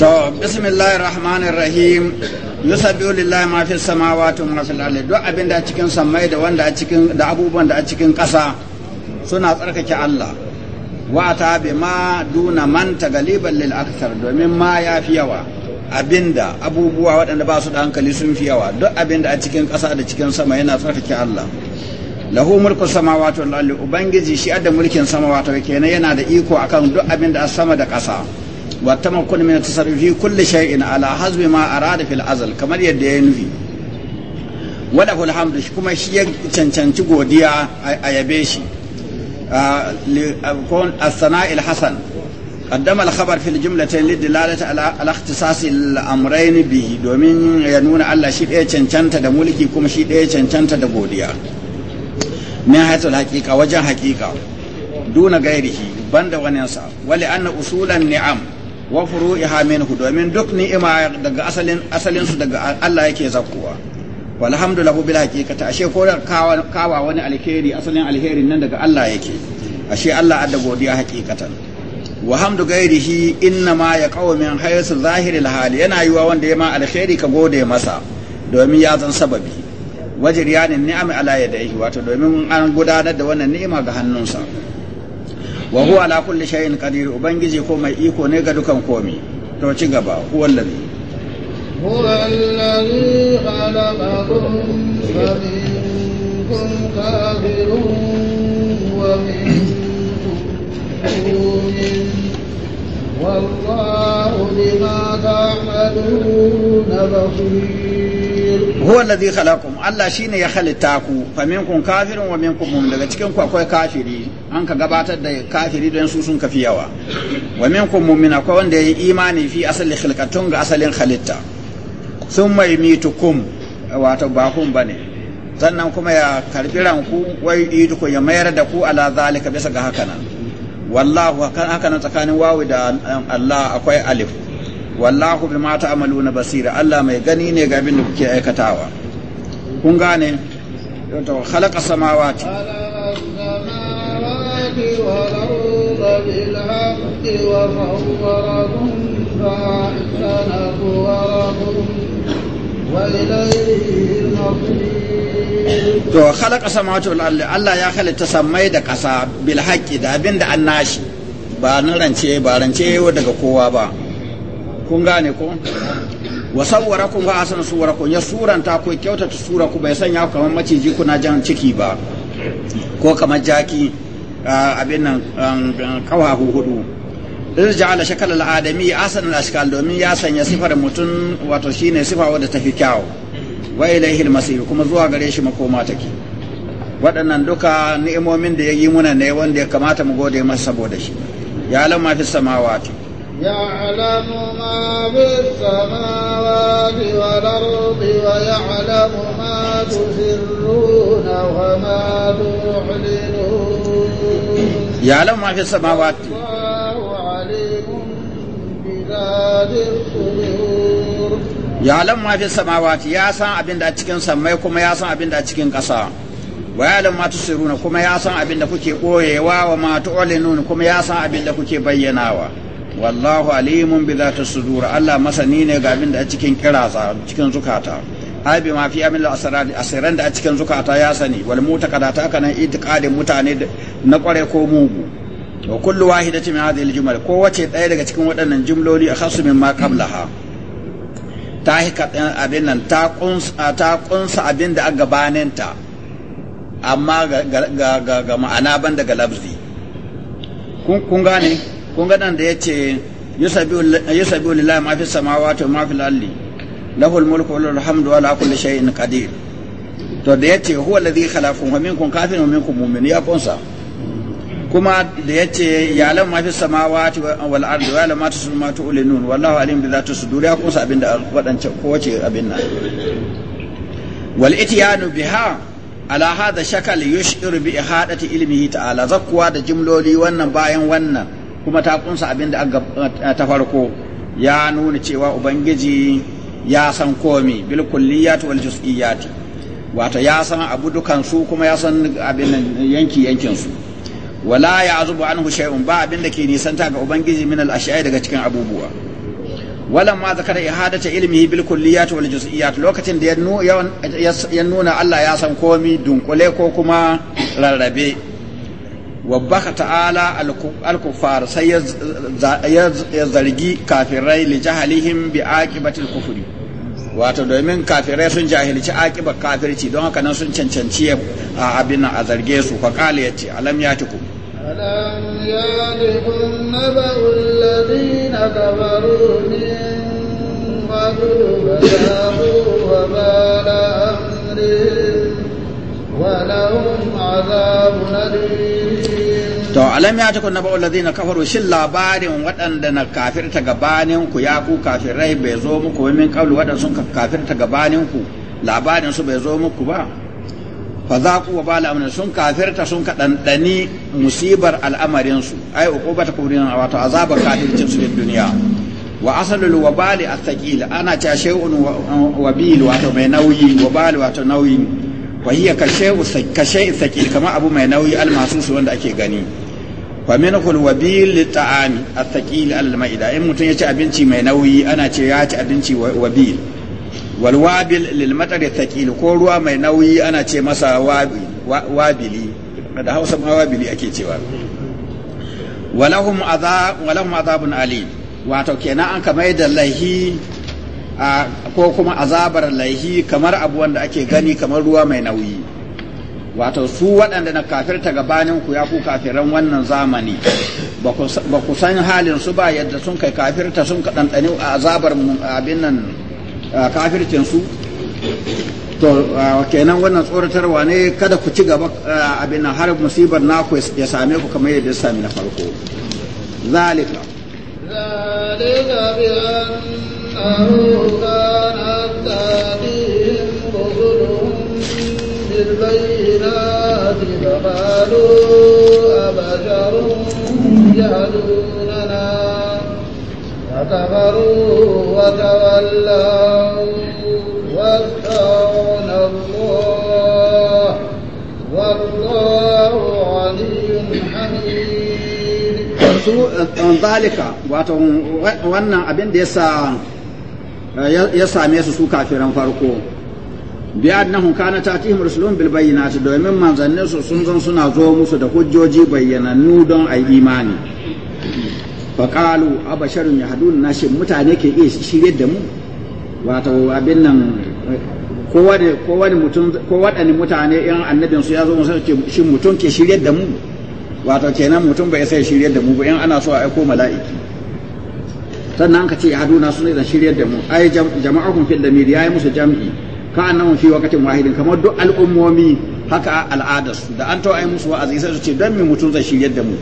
Speaker 1: طب بسم الله الرحمن الرحيم yusabbihu lillahi ma fi samawati wa ma fil ardi duk abin da a cikin samai da wanda a cikin da abubuwan da a cikin ƙasa suna tsarkake Allah wa ta bi ma duna man tagaliban lil akthar domin ma yafi yawa abinda abubuwa waɗanda ba su da hankali sun fi yawa duk abinda a cikin ƙasa da cikin sama yana tsarkake Allah lahu mulku samawati wal ardi ubangiji shi adda mulkin samawati kenan yana da iko akan duk abinda a sama da ƙasa wa tamakkun min tasarrufi kulli shay'in ala hazbi ma arada fil azal kamar yadda ya nufi wala hul hamdu kuma shi ya cancanci godiya a yabe shi a ah, ah, sanail hasan قدم الخبر في الجملة للدلالة على اختصاص الأمرين به دومين ينون على شيء إيه چنچنت دا ملكي كما شيء إيه چنچنت دا بوديا من حيث الحقيقة وجه حقيقة دون غيره بند ونسى ولأن أصول النعم وفروعها منه دومين دك نعمة دا أصل أصل دا الله يكي زقوا والحمد له بالحقيقة أشياء كورا كاوا كاوا وني الكيري أصل الهيري نندق الله يكي أشياء الله أدى بوديا حقيقة wa hamdu gairihi inna ma ya kawo min haisu zahiri hali yana yiwa wanda ya ma alheri ka gode masa domin ya zan sababi wajen yanin ni'am ala yadayhi wato domin an gudanar da wannan ni'ima ga hannunsa wa huwa ala kulli shay'in qadir ubangiji ko mai iko ne ga dukan komi to ci gaba huwa allazi
Speaker 2: huwa allazi khalaqakum fa minkum kafirun wa minkum
Speaker 1: هو الذي خلقكم الله شين يخلتاكو فمنكم كافر ومنكم مؤمن daga cikin ku akwai kafiri an ka gabatar da kafiri don su sun kafi yawa wa minkum mu'min akwai wanda yayi imani fi asali khalqatun ga asalin halitta sun yumitukum mitukum wato ba kun bane sannan kuma ya karbiran ku wai ku ya mayar da ku ala zalika bisa ga hakanan wallahu haka nan tsakanin wawu da um, Allah akwai alif wallahu amalu na basira Allah mai gani ne ga abin da kuke aikatawa kun gane to khalaqa samawati
Speaker 2: وإليه المصير to khalaqa
Speaker 1: samawati wal ardi Allah ya halitta samai da kasa bil haqqi da abinda da annashi ba nan rance ba rance daga kowa ba kun gane ko wa ga asan sura suwarakum ya suranta kyauta kyautata sura ku bai sanya ku kamar maciji kuna jan ciki ba ko kamar jaki abin nan kawahu um, hudu in ja'ala shakal al adami asana al ashkal domin ya sanya sifar mutum wato shine sifa wadda ta fi kyau wa ilaihi almasir kuma zuwa gare shi makoma take waɗannan duka ni'imomin da ya yi muna ne wanda ya kamata mu gode masa saboda shi ya alama fi samawati
Speaker 2: يعلم ما في السماوات والأرض ويعلم ما تسرون وما تعلنون
Speaker 1: يعلم ما في السماوات ya alam ma fi samawati ya san abin da a cikin sammai kuma ya san abin da a cikin ƙasa wa ya alam ma tusiruna kuma ya san abin da kuke ɓoyewa wa ma tu'linun kuma ya san abin da kuke bayyanawa wallahu alimun bi zati sudur Allah masani ne ga abin da a cikin kiratsa cikin zukata ai bi ma fi amil asrar asiran da a cikin zukata ya sani wal mutaqadata aka itiqadin mutane na kware ko mugu wa kullu wahidatin min hadhihi al jumal ko wace daya daga cikin waɗannan jumloli a khasu min ma qablaha ta kaɗan abin nan ta ƙunsa abin da aka gabaninta amma ga ma'ana ban daga labzi kun gane kun gadan da ya ce yusabi lillahi ma fi samawati wa mafi lalli lahul mulku wa lahul hamdu wa la kulli shay'in qadir to da ya ce huwa alladhi khalaqakum wa minkum kafirun wa minkum mu'min ya kunsa kuma da yace ya lam ma fi samawati wal ardi wa lam ma tusnu ma tu'linun wallahu alim bi zati sudur ya kusa abinda wadance ko wace abin nan wal itiyanu biha ala hadha shakal yushir bi ihadati ilmihi ta'ala zakwa da jimloli wannan bayan wannan kuma ta kunsa abinda ta farko ya nuna cewa ubangiji ya san komi bil kulliyati wal ya san abu dukan su kuma ya san abin yanki yankin wala ya ya'zubu an shay'un ba abin da ke nisan ta ga ubangiji min al-ashya'i daga cikin abubuwa Wala ma zakara ihadata ilmihi bil kulliyat wal juz'iyat lokacin da ya nuna Allah ya san komi dunkule ko kuma rarrabe Wa baka ta'ala al kufar sai ya zargi kafirai li jahalihim bi aqibatil kufri wato domin kafirai sun jahilci aqibar kafirci don haka nan sun cancanci abin a zarge su fa qala yati alam yatikum
Speaker 2: ألم يعرفهم نبأ الذين كفروا من قبل فذاقوا وبال أمرهم ولهم عذاب أليم
Speaker 1: To alam ya takun naba'u alladhina kafaru shin labarin waɗanda na kafirta gabanin ku ya ku kafirai bai zo muku min qablu waɗanda sun kafirta gabanin ku labarin su bai zo muku ba fa za ku bala amna sun kafirta sun kaɗanɗani musibar al'amarinsu ai uqubata kubrin wato azabar kafircin su duniya wa asalul wabali athqil ana cha shay'un wabil wato mai nauyi wabali wato nauyi wa hiya ka shay'u ka shay'u abu mai nauyi al mahsus wanda ake gani fa minhu al wabil lit ta'ami athqil al ya ci abinci mai nauyi ana ce ya ci abinci wabil Walwabil wabil lil matar thaqil ko ruwa mai nauyi ana ce masa wabili da Hausa ma wabili ake cewa walahum azab walahum azabun ali wato kenan an kamar da laihi ko kuma azabar laihi kamar abu wanda ake gani kamar ruwa mai nauyi wato su waɗanda na kafirta gabanin ku ya ku kafiran wannan zamani ba ku san halin su ba yadda sun kai kafirta sun ɗanɗani a azabar abin nan kafircin su to kenan wannan tsoratarwa ne kada ku ci gaba abin har musibar naku ya same ku kamar yadda ya sami na farko zalika zalika bi annahu kana tadin
Speaker 2: rusulun bil bayyinati fa كفروا وتولوا واستعون الله والله علي حميد
Speaker 1: ذلك eh, wannan abin da eh, ya same su su kafiran farko biya bi annahum kana tihim rusulun bil bayyinati domin manzannin su sun zan suna zo musu da hujjoji bayyanannu don ayi imani faƙalu basharun ya haɗu na shi mutane ke iya shiryar da mu wato abin nan kowane ko waɗanne mutane yan annabin su ya zo musu shi mutum ke shiryar da mu wato kenan mutum bai sai shiryar da mu ba yan ana so a aiko mala'iki sannan ka ce ya haɗu na suna da shiryar da mu ai kun fil ya yi musu jam'i ka annahum fi wakatin wahidin kamar duk al'ummomi haka al'adarsu da an tawaye musu wa'azi sai su ce don me mutum zai shiryar da mu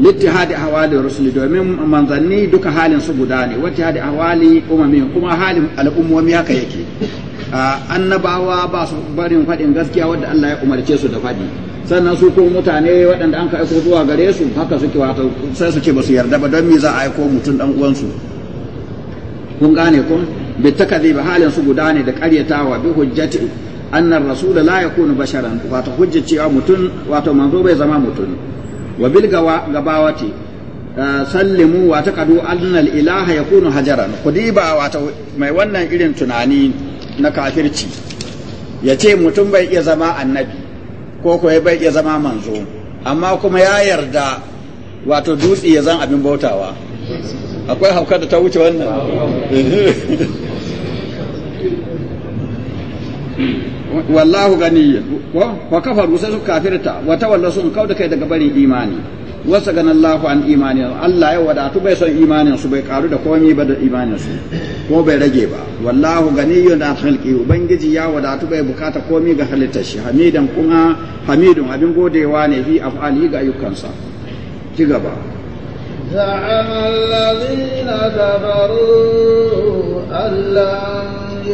Speaker 1: littihadi ahwali rasul domin manzanni duka halin su guda ne hadi ahwali umamin kuma halin al'ummomi haka yake annabawa ba su barin faɗin gaskiya wadda Allah ya umarce su da faɗi sannan su ko mutane waɗanda an ka aiko zuwa gare su haka suke wato sai su ce ba su yarda ba don me za a aiko mutum dan uwansu kun gane ko bi takadhib halin su guda ne da ƙaryatawa bi hujjati annar rasul la yakunu basharan wato cewa mutum wato manzo bai zama mutum wa bil gabawati uh, sallimu wa taqadu annal ilaha yakunu hajaran kudiba wa mai wannan irin tunani na kafirci ya ce mutum bai iya zama annabi ko kuwa bai iya zama manzo amma kuma ya yarda wato dutse ya zan abin bautawa akwai hauka da ta wuce wannan *laughs* wallahu ganiyya wa kafaru sai su kafirta wa tawalla sun kauda kai daga barin imani wasa ganin Allah an imani Allah ya wadatu bai son imanin su bai karu da komai ba da imanin su ko bai rage ba wallahu ganiyyun da khalqi ubangiji ya wadatu bai bukata komai ga halittar shi hamidan kuma hamidun abin godewa ne fi af'ali ga ayyukansa ci gaba
Speaker 2: زعم alladhina كفروا أن لن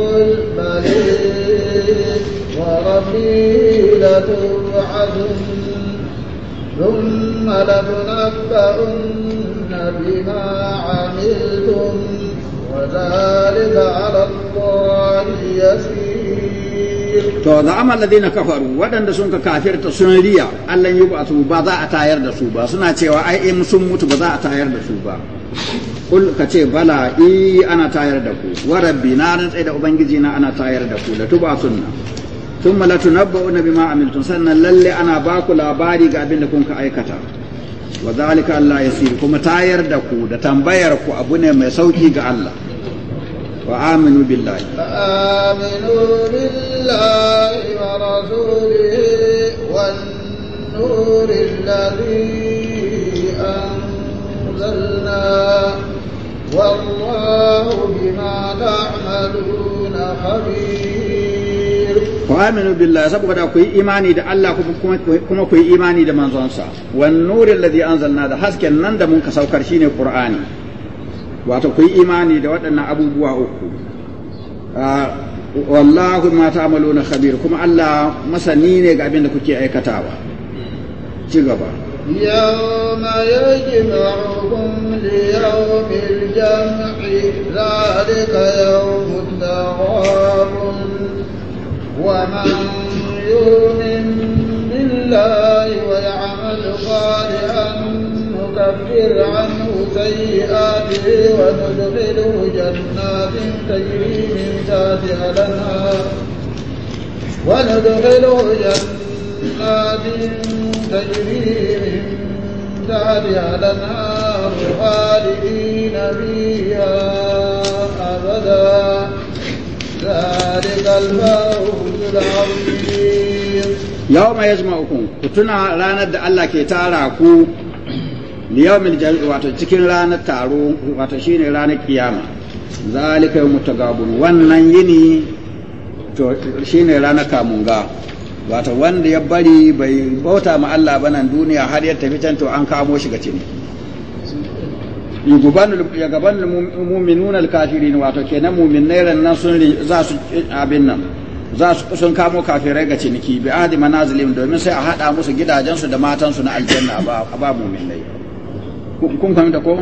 Speaker 2: البليد وربي لتبعثن ثم لتنبؤن بما عملتم وذلك على الله يسير
Speaker 1: to da amal kafaru waɗanda sun ka kafirta sun riya Allah yi ba ba za a tayar da su ba suna cewa ai in sun mutu ba za a tayar da su ba kul ka ce bala i eh, ana tayar da ku wa rabbi na rantsai da ubangiji na ana tayar da ku la tuba sunna thumma la tunabba'una ma amiltum sannan lalle ana ba ku labari ga abin da kun ka aikata wa zalika Allah yasir kuma tayar da ku da tambayar ku abu ne mai sauki ga Allah wa aminu billahi
Speaker 2: aminu billahi wa rasulihi wan anzalna
Speaker 1: ko aminu billahi sabu kada ku yi imani da Allah kuma kuma imani da manzon sa wan nuri allazi anzalna da hasken nan da mun ka saukar shine kur'ani wato ku imani da wadannan abubuwa uku ah wallahu ma ta'maluna khabir kuma Allah masani ne ga abin da kuke aikatawa ci gaba
Speaker 2: يوم يجمعهم ليوم الجمع ذلك يوم التغابن ومن يؤمن بالله ويعمل صالحا نكفر عنه سيئاته وندخله جنات تجري من تحتها الانهار وندخله جنات بلاد تجري من تحتها الانهار خالدين فيها ابدا ذلك الفوز العظيم
Speaker 1: يوم يجمعكم كتنا رانا الله كي تاراكو liyaumi wato cikin ranar taro wato shine ranar kiyama zalika yawmu wannan yini to ne ranar kamunga wato wanda ya bari bai bauta ma Allah ba nan duniya har ya tafi can to an kamo shi ga cini ya gaban mu'minun al-kafirin wato kenan mu'minai ran nan sun za su abin nan za su sun kamo kafirai ga ciniki bi adi manazilim domin sai a hada musu gidajensu da matansu na aljanna ba ba mu'minai kun kan da ko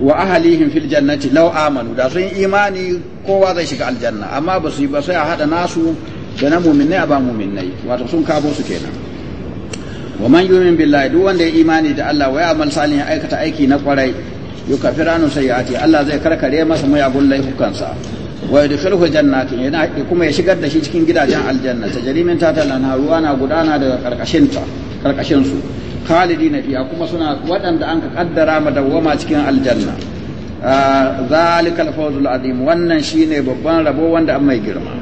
Speaker 1: wa ahlihim fil jannati law amanu da sun imani kowa zai shiga aljanna amma ba su yi ba sai a hada nasu da na mu'minnai a ba mu'minnai wato sun kabo su kenan wa man yu'min billahi duk wanda ya imani da Allah wa ya'mal salihan aikata aiki na kwarai yukafiranu sayyiati Allah zai karkare masa muyagun laifukansa wa yadkhuluhu jannatin yana kuma ya shigar da shi cikin gidajen aljanna tajrimin tata lana ruwa na gudana daga karkashin ta karkashin su khalidina fiha kuma suna waɗanda an ka kaddara madawwama cikin aljanna ah, zalikal fawzul azim wannan shine babban rabo wanda an mai girma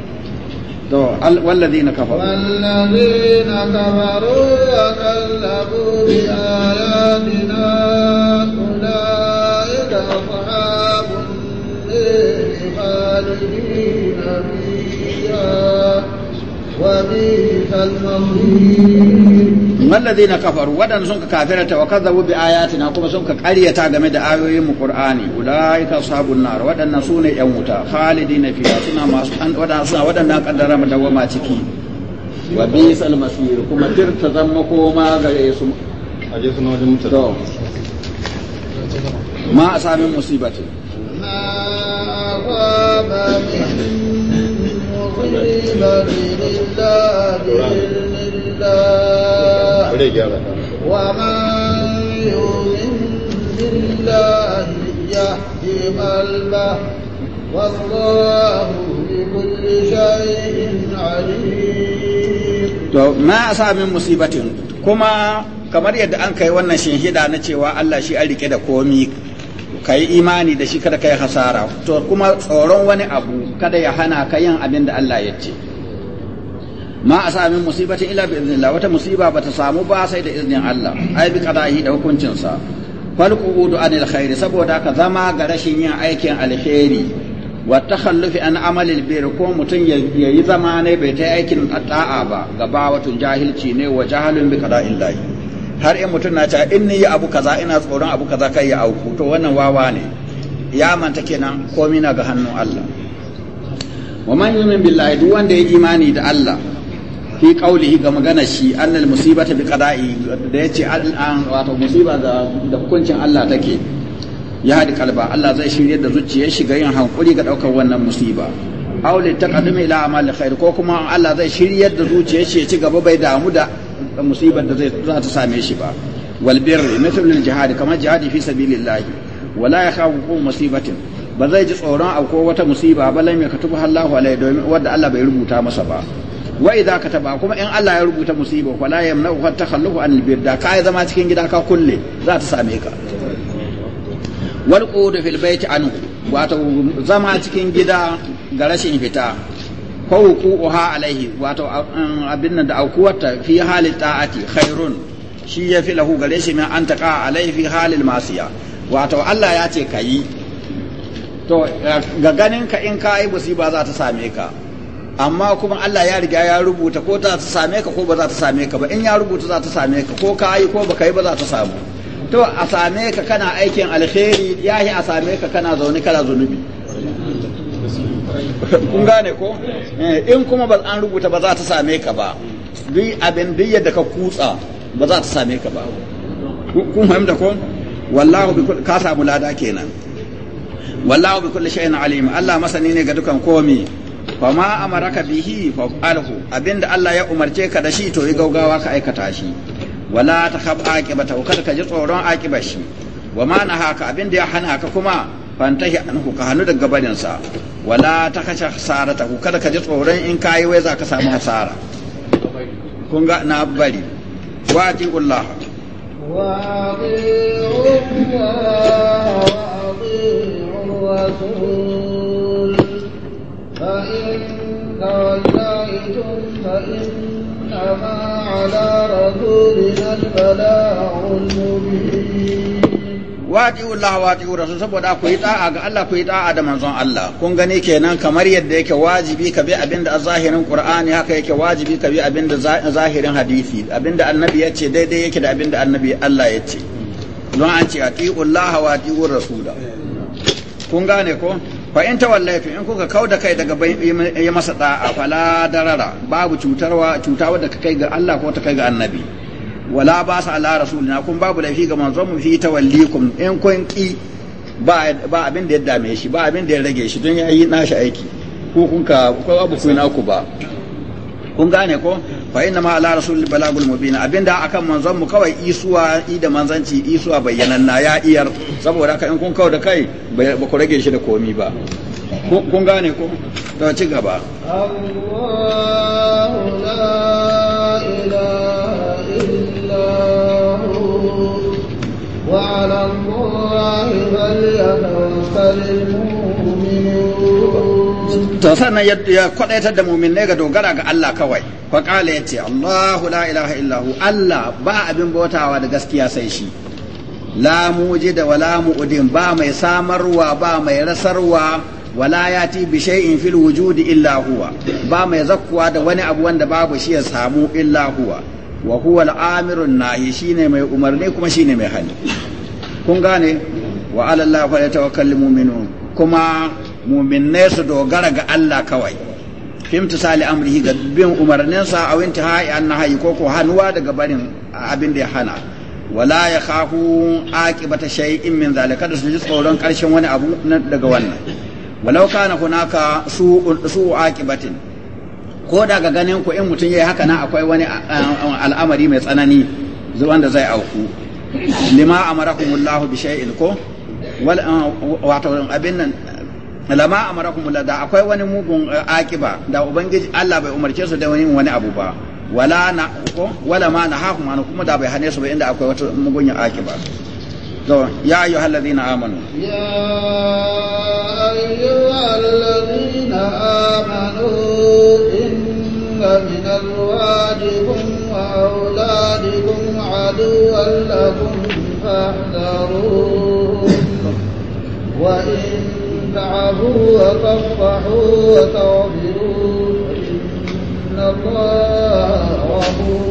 Speaker 1: والذين كفروا
Speaker 2: والذين كفروا وكذبوا بآياتنا أولئك أصحاب النار خالدين فيها وبئس المصير
Speaker 1: na kafaru wadan sun ka kafirata wa kadzabu bi ayatina kuma sun ka qaryata game da ayoyin mu Qur'ani ka sabun nar wadannan sune yan wuta khalidina fiha suna masu wadan suna nan kaddara madawama ciki wa bi sal masir kuma tirta zamma koma ga yesu aje suna wajen mutata ma asamin musibati ma
Speaker 2: asaba min musibati lillahi bare
Speaker 1: to ma asa min musibatin kuma kamar yadda an kai wannan shinhida na cewa Allah shi an rike da komi ka yi imani da shi kada ka yi hasara to kuma tsoron wani abu kada ya hana ka yin abin da Allah ya ce ma asa min musibatin illa bi idnillah wata musiba bata samu ba sai da iznin Allah ai bi qada'i da hukuncin sa fal qu'udu anil khair saboda ka zama ga rashin yin aikin alheri wa takhallufi an amali bir ko mutun yayi zama ne bai ta aikin ta'a ba gaba watun jahilci ne wa jahalun bi qada'illahi har in mutun na ta inni ya abu kaza ina tsoron abu kaza kai ya auku to wannan wawa ne ya manta kenan komai na ga hannun Allah wa man yu'min billahi duk wanda ya imani da Allah fi qawlihi ga magana shi annal musibata bi qada'i da yace an wato musiba da hukuncin Allah take ya hadi kalba Allah zai shirye da zuciyar shi ga yin hankuri ga daukar wannan musiba aw li taqaddumi ila amali khair ko kuma Allah zai shiryar da zuciyar shi ya ci gaba bai damu da musibar da zai za ta same shi ba wal birri mithl al jihad kama jihadi fi sabilillah wala yakhafu musibatin ba zai ji tsoron akwai wata musiba ba lai mai katubu Allahu alai domin wanda Allah bai rubuta masa ba wa idza kataba kuma in Allah ya rubuta musiba fala yamna'u fa takhallufu an birda ka ya zama cikin gida ka kulle za ta same ka wal qud fil bayt anhu wato zama cikin gida ga rashin fita ko wuqu'uha alaihi wato abin da aukuwarta fi hali ta'ati khairun shi ya fi lahu gare shi min an taqa alaihi fi halil masiya wato Allah ya ce kayi to ga ganin ka in ka yi musiba za ta same ka amma kuma Allah ya riga ya rubuta ko za ta same ka ko ba za ta same ka ba in ya rubuta za ta same ka ko ka yi ko ba ka yi ba za ta samu to a same ka kana aikin alheri ya yi a same ka kana zaune kana zunubi kun gane ko eh, in kuma ba an rubuta ba za ta same ka ba duk abin duk yadda ka kutsa ba za ta same ka ba kun fahimta ko wallahu bi ka samu lada kenan wallahu bi kulli shay'in alim Allah masani ne ga dukan komi fa ma amaraka bihi fa alhu abinda Allah ya umarce ka da shi to yi gaugawa ka aikata shi wala ta khab aqibata wa kada ka ji tsoron aqibar shi wa ma haka abinda ya hana ka kuma fantahi anhu ka hanu daga barin sa wala ta kashe hasarata ku kada ka ji tsoron in kayi wai za ka samu hasara kun ga na bari wa atiullah wa atiullah
Speaker 2: wa atiur فإن ناجيتم فإنما على رسولنا البلاغ المبين wati'u
Speaker 1: Allah wati'u rasul saboda ku yi da'a ga Allah ku yi da'a da manzon Allah kun gani kenan kamar yadda yake wajibi ka bi abin da zahirin Qur'ani haka yake wajibi ka bi abin da zahirin hadisi abin da annabi ya ce daidai yake da abin da annabi Allah ya ce don an ce ati'u Allah wa rasu da. kun gane ko fa in fi in kuka kau da kai daga yi masa da'a fala darara babu cutarwa cuta wadda ka kai ga Allah ko ta kai ga annabi wala ba sa ala rasulina kun babu laifi ga manzon mu fi tawallikum in kun ki ba ba abin da ya dame shi ba abin da ya rage shi don yayi nashi aiki ko kun ka ko abu ku ku ba kun gane ko fa inna ma ala rasul balagul mubin abinda akan manzon mu kawai isuwa i da manzanci isuwa na ya iyar saboda haka in kun kawo da kai ba ku rage shi da komi ba kun gane ko to ci gaba
Speaker 2: Allahu la ilaha illa hu wa ala Allahi falyatawakkalul
Speaker 1: sannan ya kwadaitar da mu'minai ga dogara ga Allah kawai fa ya ce Allahu la ilaha illa hu Allah ba abin bautawa da gaskiya sai shi la da wala mu'udin ba mai samarwa ba mai rasarwa wala yati bi shay'in fil wujudi illa huwa ba mai zakkuwa da wani abu wanda babu shi ya samu illa huwa wa huwa al-amirun nahi shine mai umarni kuma shine mai hali kun gane wa ala Allah fa yatawakkalul kuma muminai su dogara ga Allah kawai fim tisali amrihi ga bin umarninsa a winti ha'i an nahayi ko ko hannuwa daga barin abin da ya hana wala ya khafu aqibata shay'in min zalika da su ji tsoron karshen wani abu daga wannan walau kana hunaka su'u su'u aqibatin ko daga ganin ku in mutum yayi haka nan akwai wani eh, al'amari mai tsanani wanda zai auku lima amarakumullahu bi shay'in ko wal eh, wato abin nan lama amarakum da akwai wani mugun eh, akiba da ubangiji Allah bai umarce su da wani wani abu ba wala na ko wala ma na hakum an kuma da bai hane su ba inda akwai wata mugun akiba to ya ayyuhal ladina amanu
Speaker 2: ya ayyuhal ladina amanu inna min alwajikum wa auladikum aduwwan lakum fahdharuhum wa in تعفوا وتصفحوا وتغفروا فإن الله غفور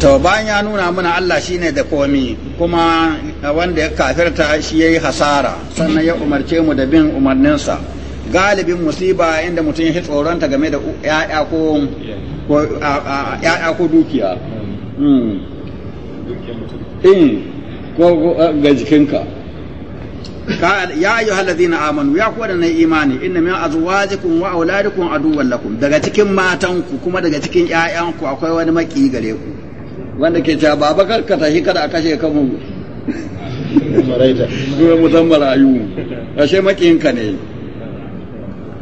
Speaker 1: to bayan ya nuna mana Allah shi ne da komi kuma wanda ya kafirta shi ya yi hasara sannan ya umarce mu da bin umarninsa galibin musiba inda mutum ya tsoronta game da ya'ya ko dukiya mm. Mm. Mm. ko ga jikinka ya ayyuha allazina amanu ya da wadannan imani inda min azwajikum wa auladikum aduwwan lakum daga cikin matanku kuma daga cikin ƴaƴanku akwai wani maki gare ku wanda ke ca, baba kar ka tafi kada a kashe ka mu duwe mu zan marayu ashe makinka ne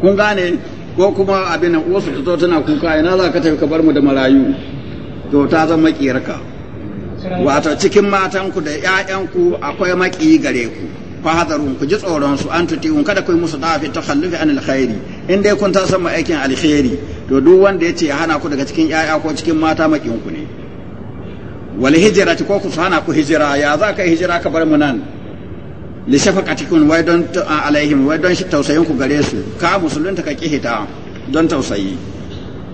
Speaker 1: kun gane ko kuma abin nan uwarsu ta zo tana kuka ina za ka tafi ka bar mu da marayu to ta zan makiyarka wato cikin matanku da ƴaƴanku akwai maki gare ku fahadarum ku ji tsoron su an tuti un kada ku yi musu dafi takhallufi anil khairi in dai kun ta san aikin alkhairi to duk wanda yace ya hana ku daga cikin yaya ko cikin mata makin ku ne wal hijrati ko ku hana ku hijira ya za ka hijira ka bar mu nan li shafaqatikum wai don alaihim wai don shi tausayin ku gare su ka musulunta ka kihita don tausayi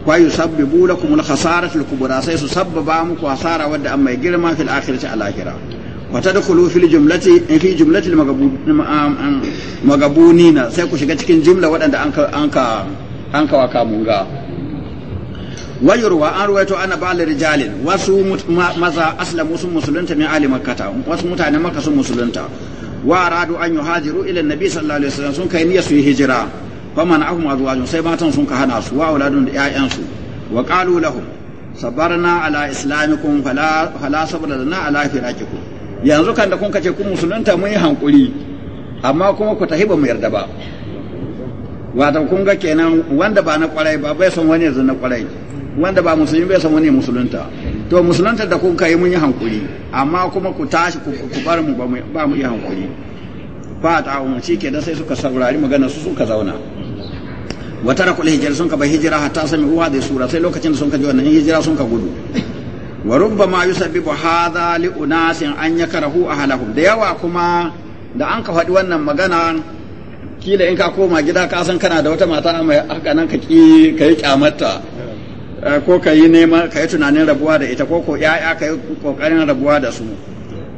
Speaker 1: wa yusabbibu lakum al khasaratu al kubra sai su sabbaba muku hasara wadda amma girma fil akhirati al akhirah وتدخلوا في الجملة في جملة المغبونين سيكو شكا تكين جملة ودن أنك أنك أنك وكامونغا ويروى أن رويتو أنا بعل رجال وسو مزا أسلموا سم مسلمة من أهل مكة وسو متعنى مكة سو مسلمة وأرادوا أن يهاجروا إلى النبي صلى الله عليه وسلم سن كاين يسوي هجرة فمنعهم أزواجهم سيباتهم سن كهنا سوا أولادهم يأينسوا وقالوا لهم صبرنا على إسلامكم فلا فلا صبر لنا على فراقكم yanzu kan da kun kace ku musulunta mun yi hankuri amma kuma ku tahiba mu yarda ba wato kun ga kenan wanda ba na kwarai ba bai san wani yanzu na kwarai wanda ba musulmi bai san wani musulunta to musulunta da kun kai mun yi hankuri amma kuma ku tashi ku bar mu ba mu yi hankuri ba ta mu shi da sai suka saurari magana su suka zauna wa tarakul hijra sun ka bai hijra hatta sami uwa da sura sai lokacin da sun ka ji wannan hijra sun ka gudu wa rubbama yusabbibu hadha li unasin an yakrahu ahlahum da yawa kuma da an ka faɗi wannan magana kila in ka koma gida ka san kana da wata mata mai haka nan ka ki kai kyamarta eh, ko ka yi neman ka tunanin rabuwa da ita ko ko ya'ya ka yi kokarin rabuwa da su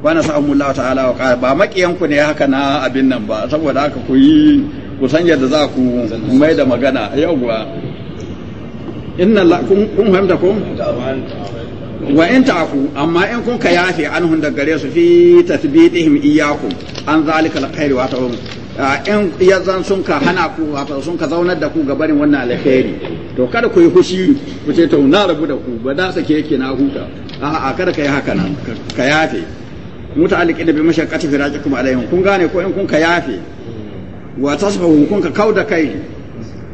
Speaker 1: wa na Allah ta'ala wa ba makiyan ku ne haka na abin nan ba saboda haka ku yi ku san yadda za ku mai da magana yauwa inna la kun fahimta ko wa in ta'fu amma in kun ka yafe anhum da gare su fi tathbitihim iyyakum an zalika alkhairi wa ta'um in yazan sun ka hana ku wato sun ka zaunar da ku gabarin wannan alkhairi to kada ku yi fushi ku ce to na rabu da ku ba da sake yake na huta a'a kada ka yi haka nan ka yafe muta'alliqin bi mashaqqati firaqikum alaihim kun gane ko in kun ka yafe wa tasbahu kun ka kauda kai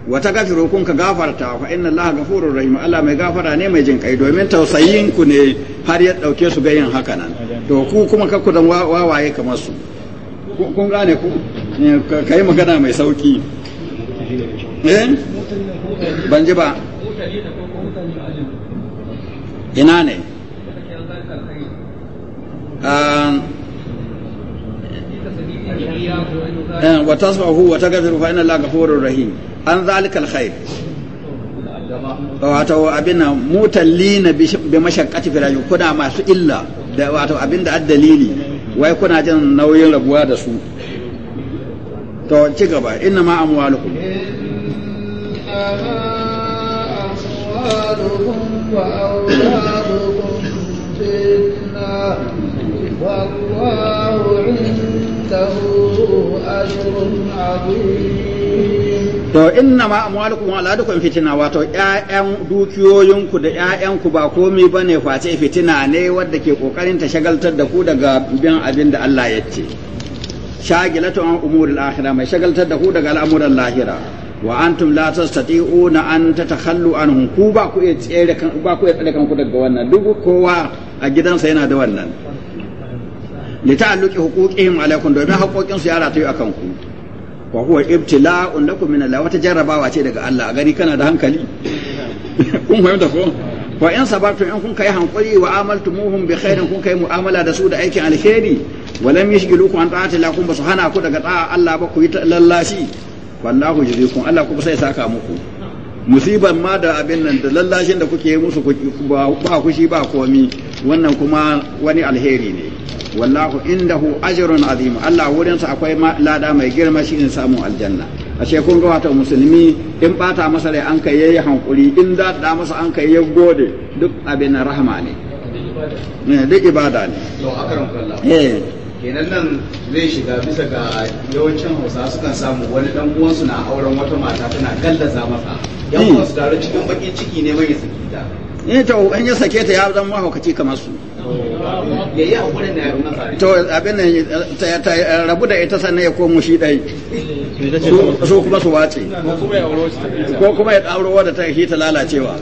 Speaker 1: wa ta tagfiru kun ka gafarta fa inna allaha gafurur rahim Allah mai gafara ne mai jin kai domin tausayin ku ne har ya dauke su ga yin haka nan to ku kuma ka ku dan wawaye kamar su kun gane ku eh, kai magana mai sauki eh ban ji ba ina ne ah, Eh, wa tasbahu wa tagfiru fa inna allaha rahim wato abin nan bi kuna masu illa da wato abin da addalili wai kuna jin nauyin rabuwa da su to ci gaba inna ma amwalukum
Speaker 2: أموالكم
Speaker 1: to inna ma amwalukum wa auladukum fitina wato ƴaƴan dukiyoyinku da ƴaƴanku ba komai bane face fitina ne wadda ke kokarin ta shagaltar da ku daga bin abin da Allah ya ce shagilatu an umuril akhirah mai shagaltar da ku daga al'amuran lahira wa antum la tastati'una an tatakhallu anhum ku ba ku iya tsere kan ba ku iya kan ku daga wannan duk kowa a gidansa yana da wannan lita'alluqi huquqihim alaikum domin haƙoƙin su ya ratayu akan ku wa huwa ibtila'un lakum min Allah wata jarrabawa ce daga Allah gari kana da hankali kun fahimta wa in sabartum in kun kai hankuri wa amaltumuhum bi khairin kun kai mu'amala da su da aikin alheri wa lam yashghilukum an ta'ati lakum basu hana ku daga ta'a Allah ba ku yi lallashi wallahu sai saka muku musiban ma da abin nan da lallashin da kuke musu ba ku ba komi wannan kuma wani alheri ne wallahu indahu ajrun azim Allah wurin sa akwai lada mai girma shi in samu aljanna ashe kun ga wato musulmi in bata masa rai an kai yayi hankuri in da da masa an kai yayi gode duk abin rahama ne ne eh, duk ibada ne to akaram Allah eh kenan nan zai shiga bisa ga yawancin hausa sukan samu wani dan su na auren wata mata tana gallaza masa yan hmm. uwansu tare cikin bakin ciki ne mai saki ta eh to in ya sake ta ya zama mahaukaci kamar su
Speaker 2: yayi hakurin da ya to
Speaker 1: abin nan ta rabu da ita sannan ya komo shi dai su kuma su wace ko kuma ya auro da ta shi ta lalacewa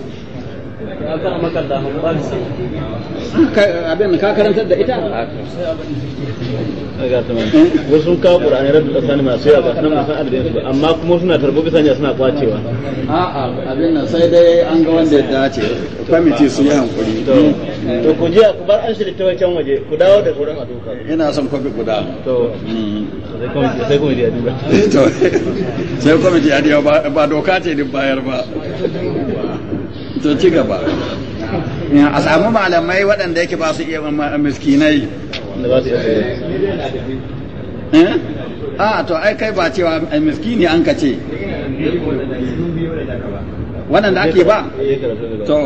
Speaker 1: abin ka karantar da ita wasu ka ƙura'ani rabbi tsakani masu yawa na musan adadin su amma kuma suna tarbo bisanya suna kwacewa a'a abin nan sai dai an ga wanda ya dace kwamiti sun yi hankuri to ku jiya ku bar an shirya ta wancan waje ku dawo da sauran a doka ina son kwafi guda to sai kwamiti ya duba sai kwamiti ya duba ba doka ce din bayar ba to ci gaba a samu malamai waɗanda yake ba su iya miskinai eh? a to ai kai ba cewa a miskini an kace waɗanda ake ba to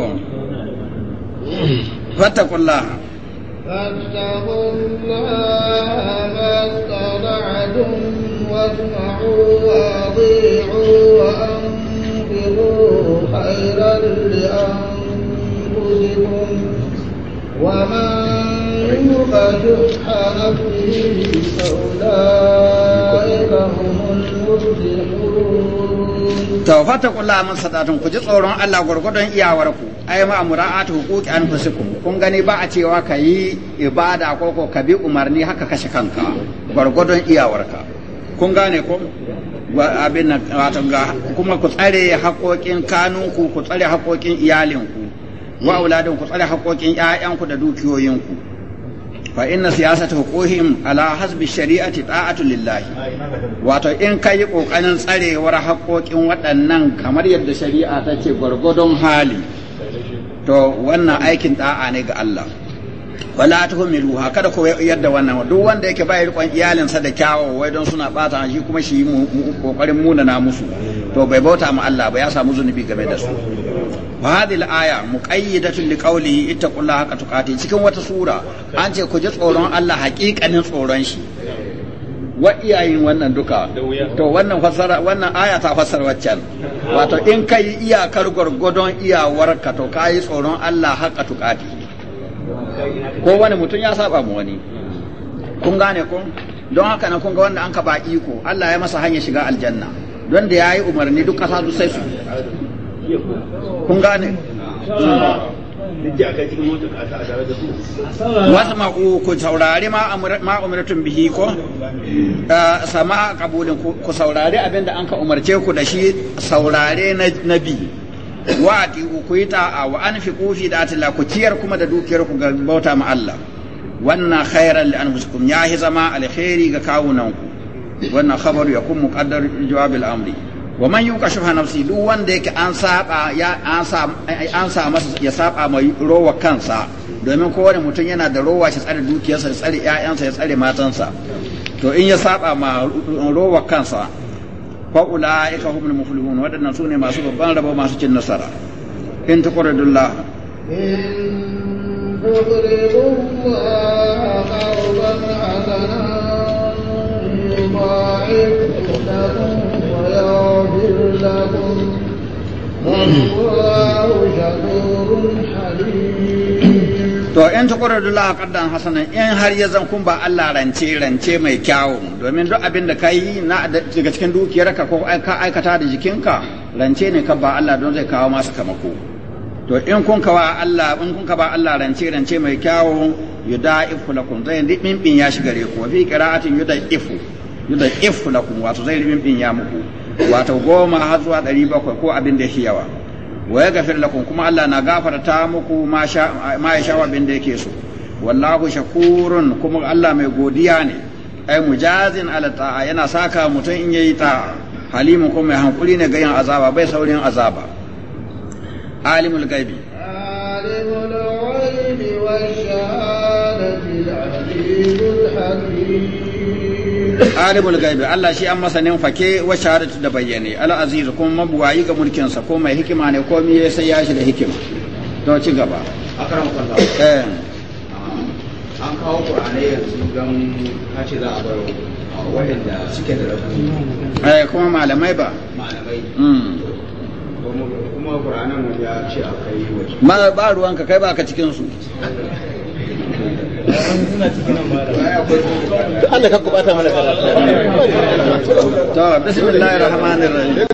Speaker 1: fattakullaha
Speaker 2: فاتقوا الله ما استطعتم واسمعوا واطيعوا خيرا لأنفسكم ومن يوق شح نفسه فأولئك هم المفلحون
Speaker 1: to fata kula mun sadatun ku ji tsoron Allah gurgudun iyawarku ai ma mura'atu huquqi anfusikum kun gani ba a cewa ka yi ibada ko ko ka bi umarni haka kashe kanka gurgudun iyawarka kun gane ko abin wato ga kuma ku tsare haƙoƙin kanunku ku tsare haƙoƙin iyalinku wa auladin ku tsare haƙoƙin ƴaƴanku da dukiyoyinku fa inna siyasata hukuhim ala hasbi shari'ati ta'atu lillahi wato in kai kokarin tsarewar haƙoƙin waɗannan kamar yadda shari'a ta ce gwargwadon hali to wannan aikin da'a ne ga Allah wala ta fi tuhmiluha kada ko yadda wannan duk wanda yake bai rikon iyalinsa da kyawo wai don suna bata shi kuma shi kokarin na musu to bai bauta mu Allah ba ya samu zunubi game da su wa hadhihi al-aya muqayyidatun li ittaqullaha haqqa tuqati cikin wata sura an ce ku ji tsoron Allah haƙiƙanin tsoron shi wa iyayen wannan duka to wannan fasara wannan aya ta fasara waccan wato in kai iyakar gwargwadon iyawarka to kai tsoron Allah haqqa tuqati ko wani mutum ya saba mu wani kun gane kun don haka na kun ga wanda an ka ba iko Allah ya masa hanya shiga aljanna don da yayi umarni duk kasa su sai su kun gane wasu maku ku saurari ma umartun bihi ko eh, sama kabulin ku saurari abinda an ka umarce ku da shi saurare na bi wa ku yi ta'a wa an fi atila ku ciyar kuma da dukiyar ku ga bauta ma Allah wannan khairan li fuskum ya hi zama alkhairi ga kawunan ku wannan ya kun muqaddar jawab al-amri wa man yuqa shuha nafsi duk wanda yake an saba ya an sa an sa masa ya saba mai rowa kansa domin kowane mutum yana da rowa shi tsare dukiyarsa ya tsare ƴaƴansa ya tsare matansa to in ya saba ma rowa kansa fa ulaika humul muflihun wadannan sune masu babban rabo masu cin nasara in tuqridullah in tuqridullah qawlan
Speaker 2: hasanan yudha'if lakum wa
Speaker 1: to in da la qaddan hasanan in har ya zan kun ba Allah rance rance mai kyawu domin duk abin da kai na daga cikin dukiyarka ko ka aikata da jikinka rance ne ka ba Allah don zai kawo masa kamako to in kun ka ba Allah in kun ka ba Allah rance rance mai kyawu yudaifu lakum zai ribin bin ya shiga gare ku fi qira'atin yudaifu yudaifu lakum wato zai ribin bin ya muku wato goma har zuwa 700 ko abin da shi yawa wa ya gafir lakum kuma Allah na gafarta muku ma sha ya shawa bin da yake so wallahu shakurun kuma Allah mai godiya ne ai mujazin ala ta'a yana saka mutum in yayi ta'a halimu kuma mai hankuri ne ga yin azaba bai saurin azaba alimul gaibi alimul ghaibi wa
Speaker 2: shahadati azizul hakim
Speaker 1: alimul gaibi Allah shi an masanin fake wa sharatu da bayyane al aziz kuma mabuwayi ga mulkin sa ko mai hikima ne ko me sai ya shi da hikima to ci gaba Allah eh an kawo qur'ani yanzu dan kace za a bar wanda suke da rabu eh kuma malamai ba malamai hmm. kuma qur'anin ya ce akai ma ba ruwanka kai ba ka cikin su
Speaker 2: Allah ka kubata mana karatu. Ta bismillahir rahmanir rahim.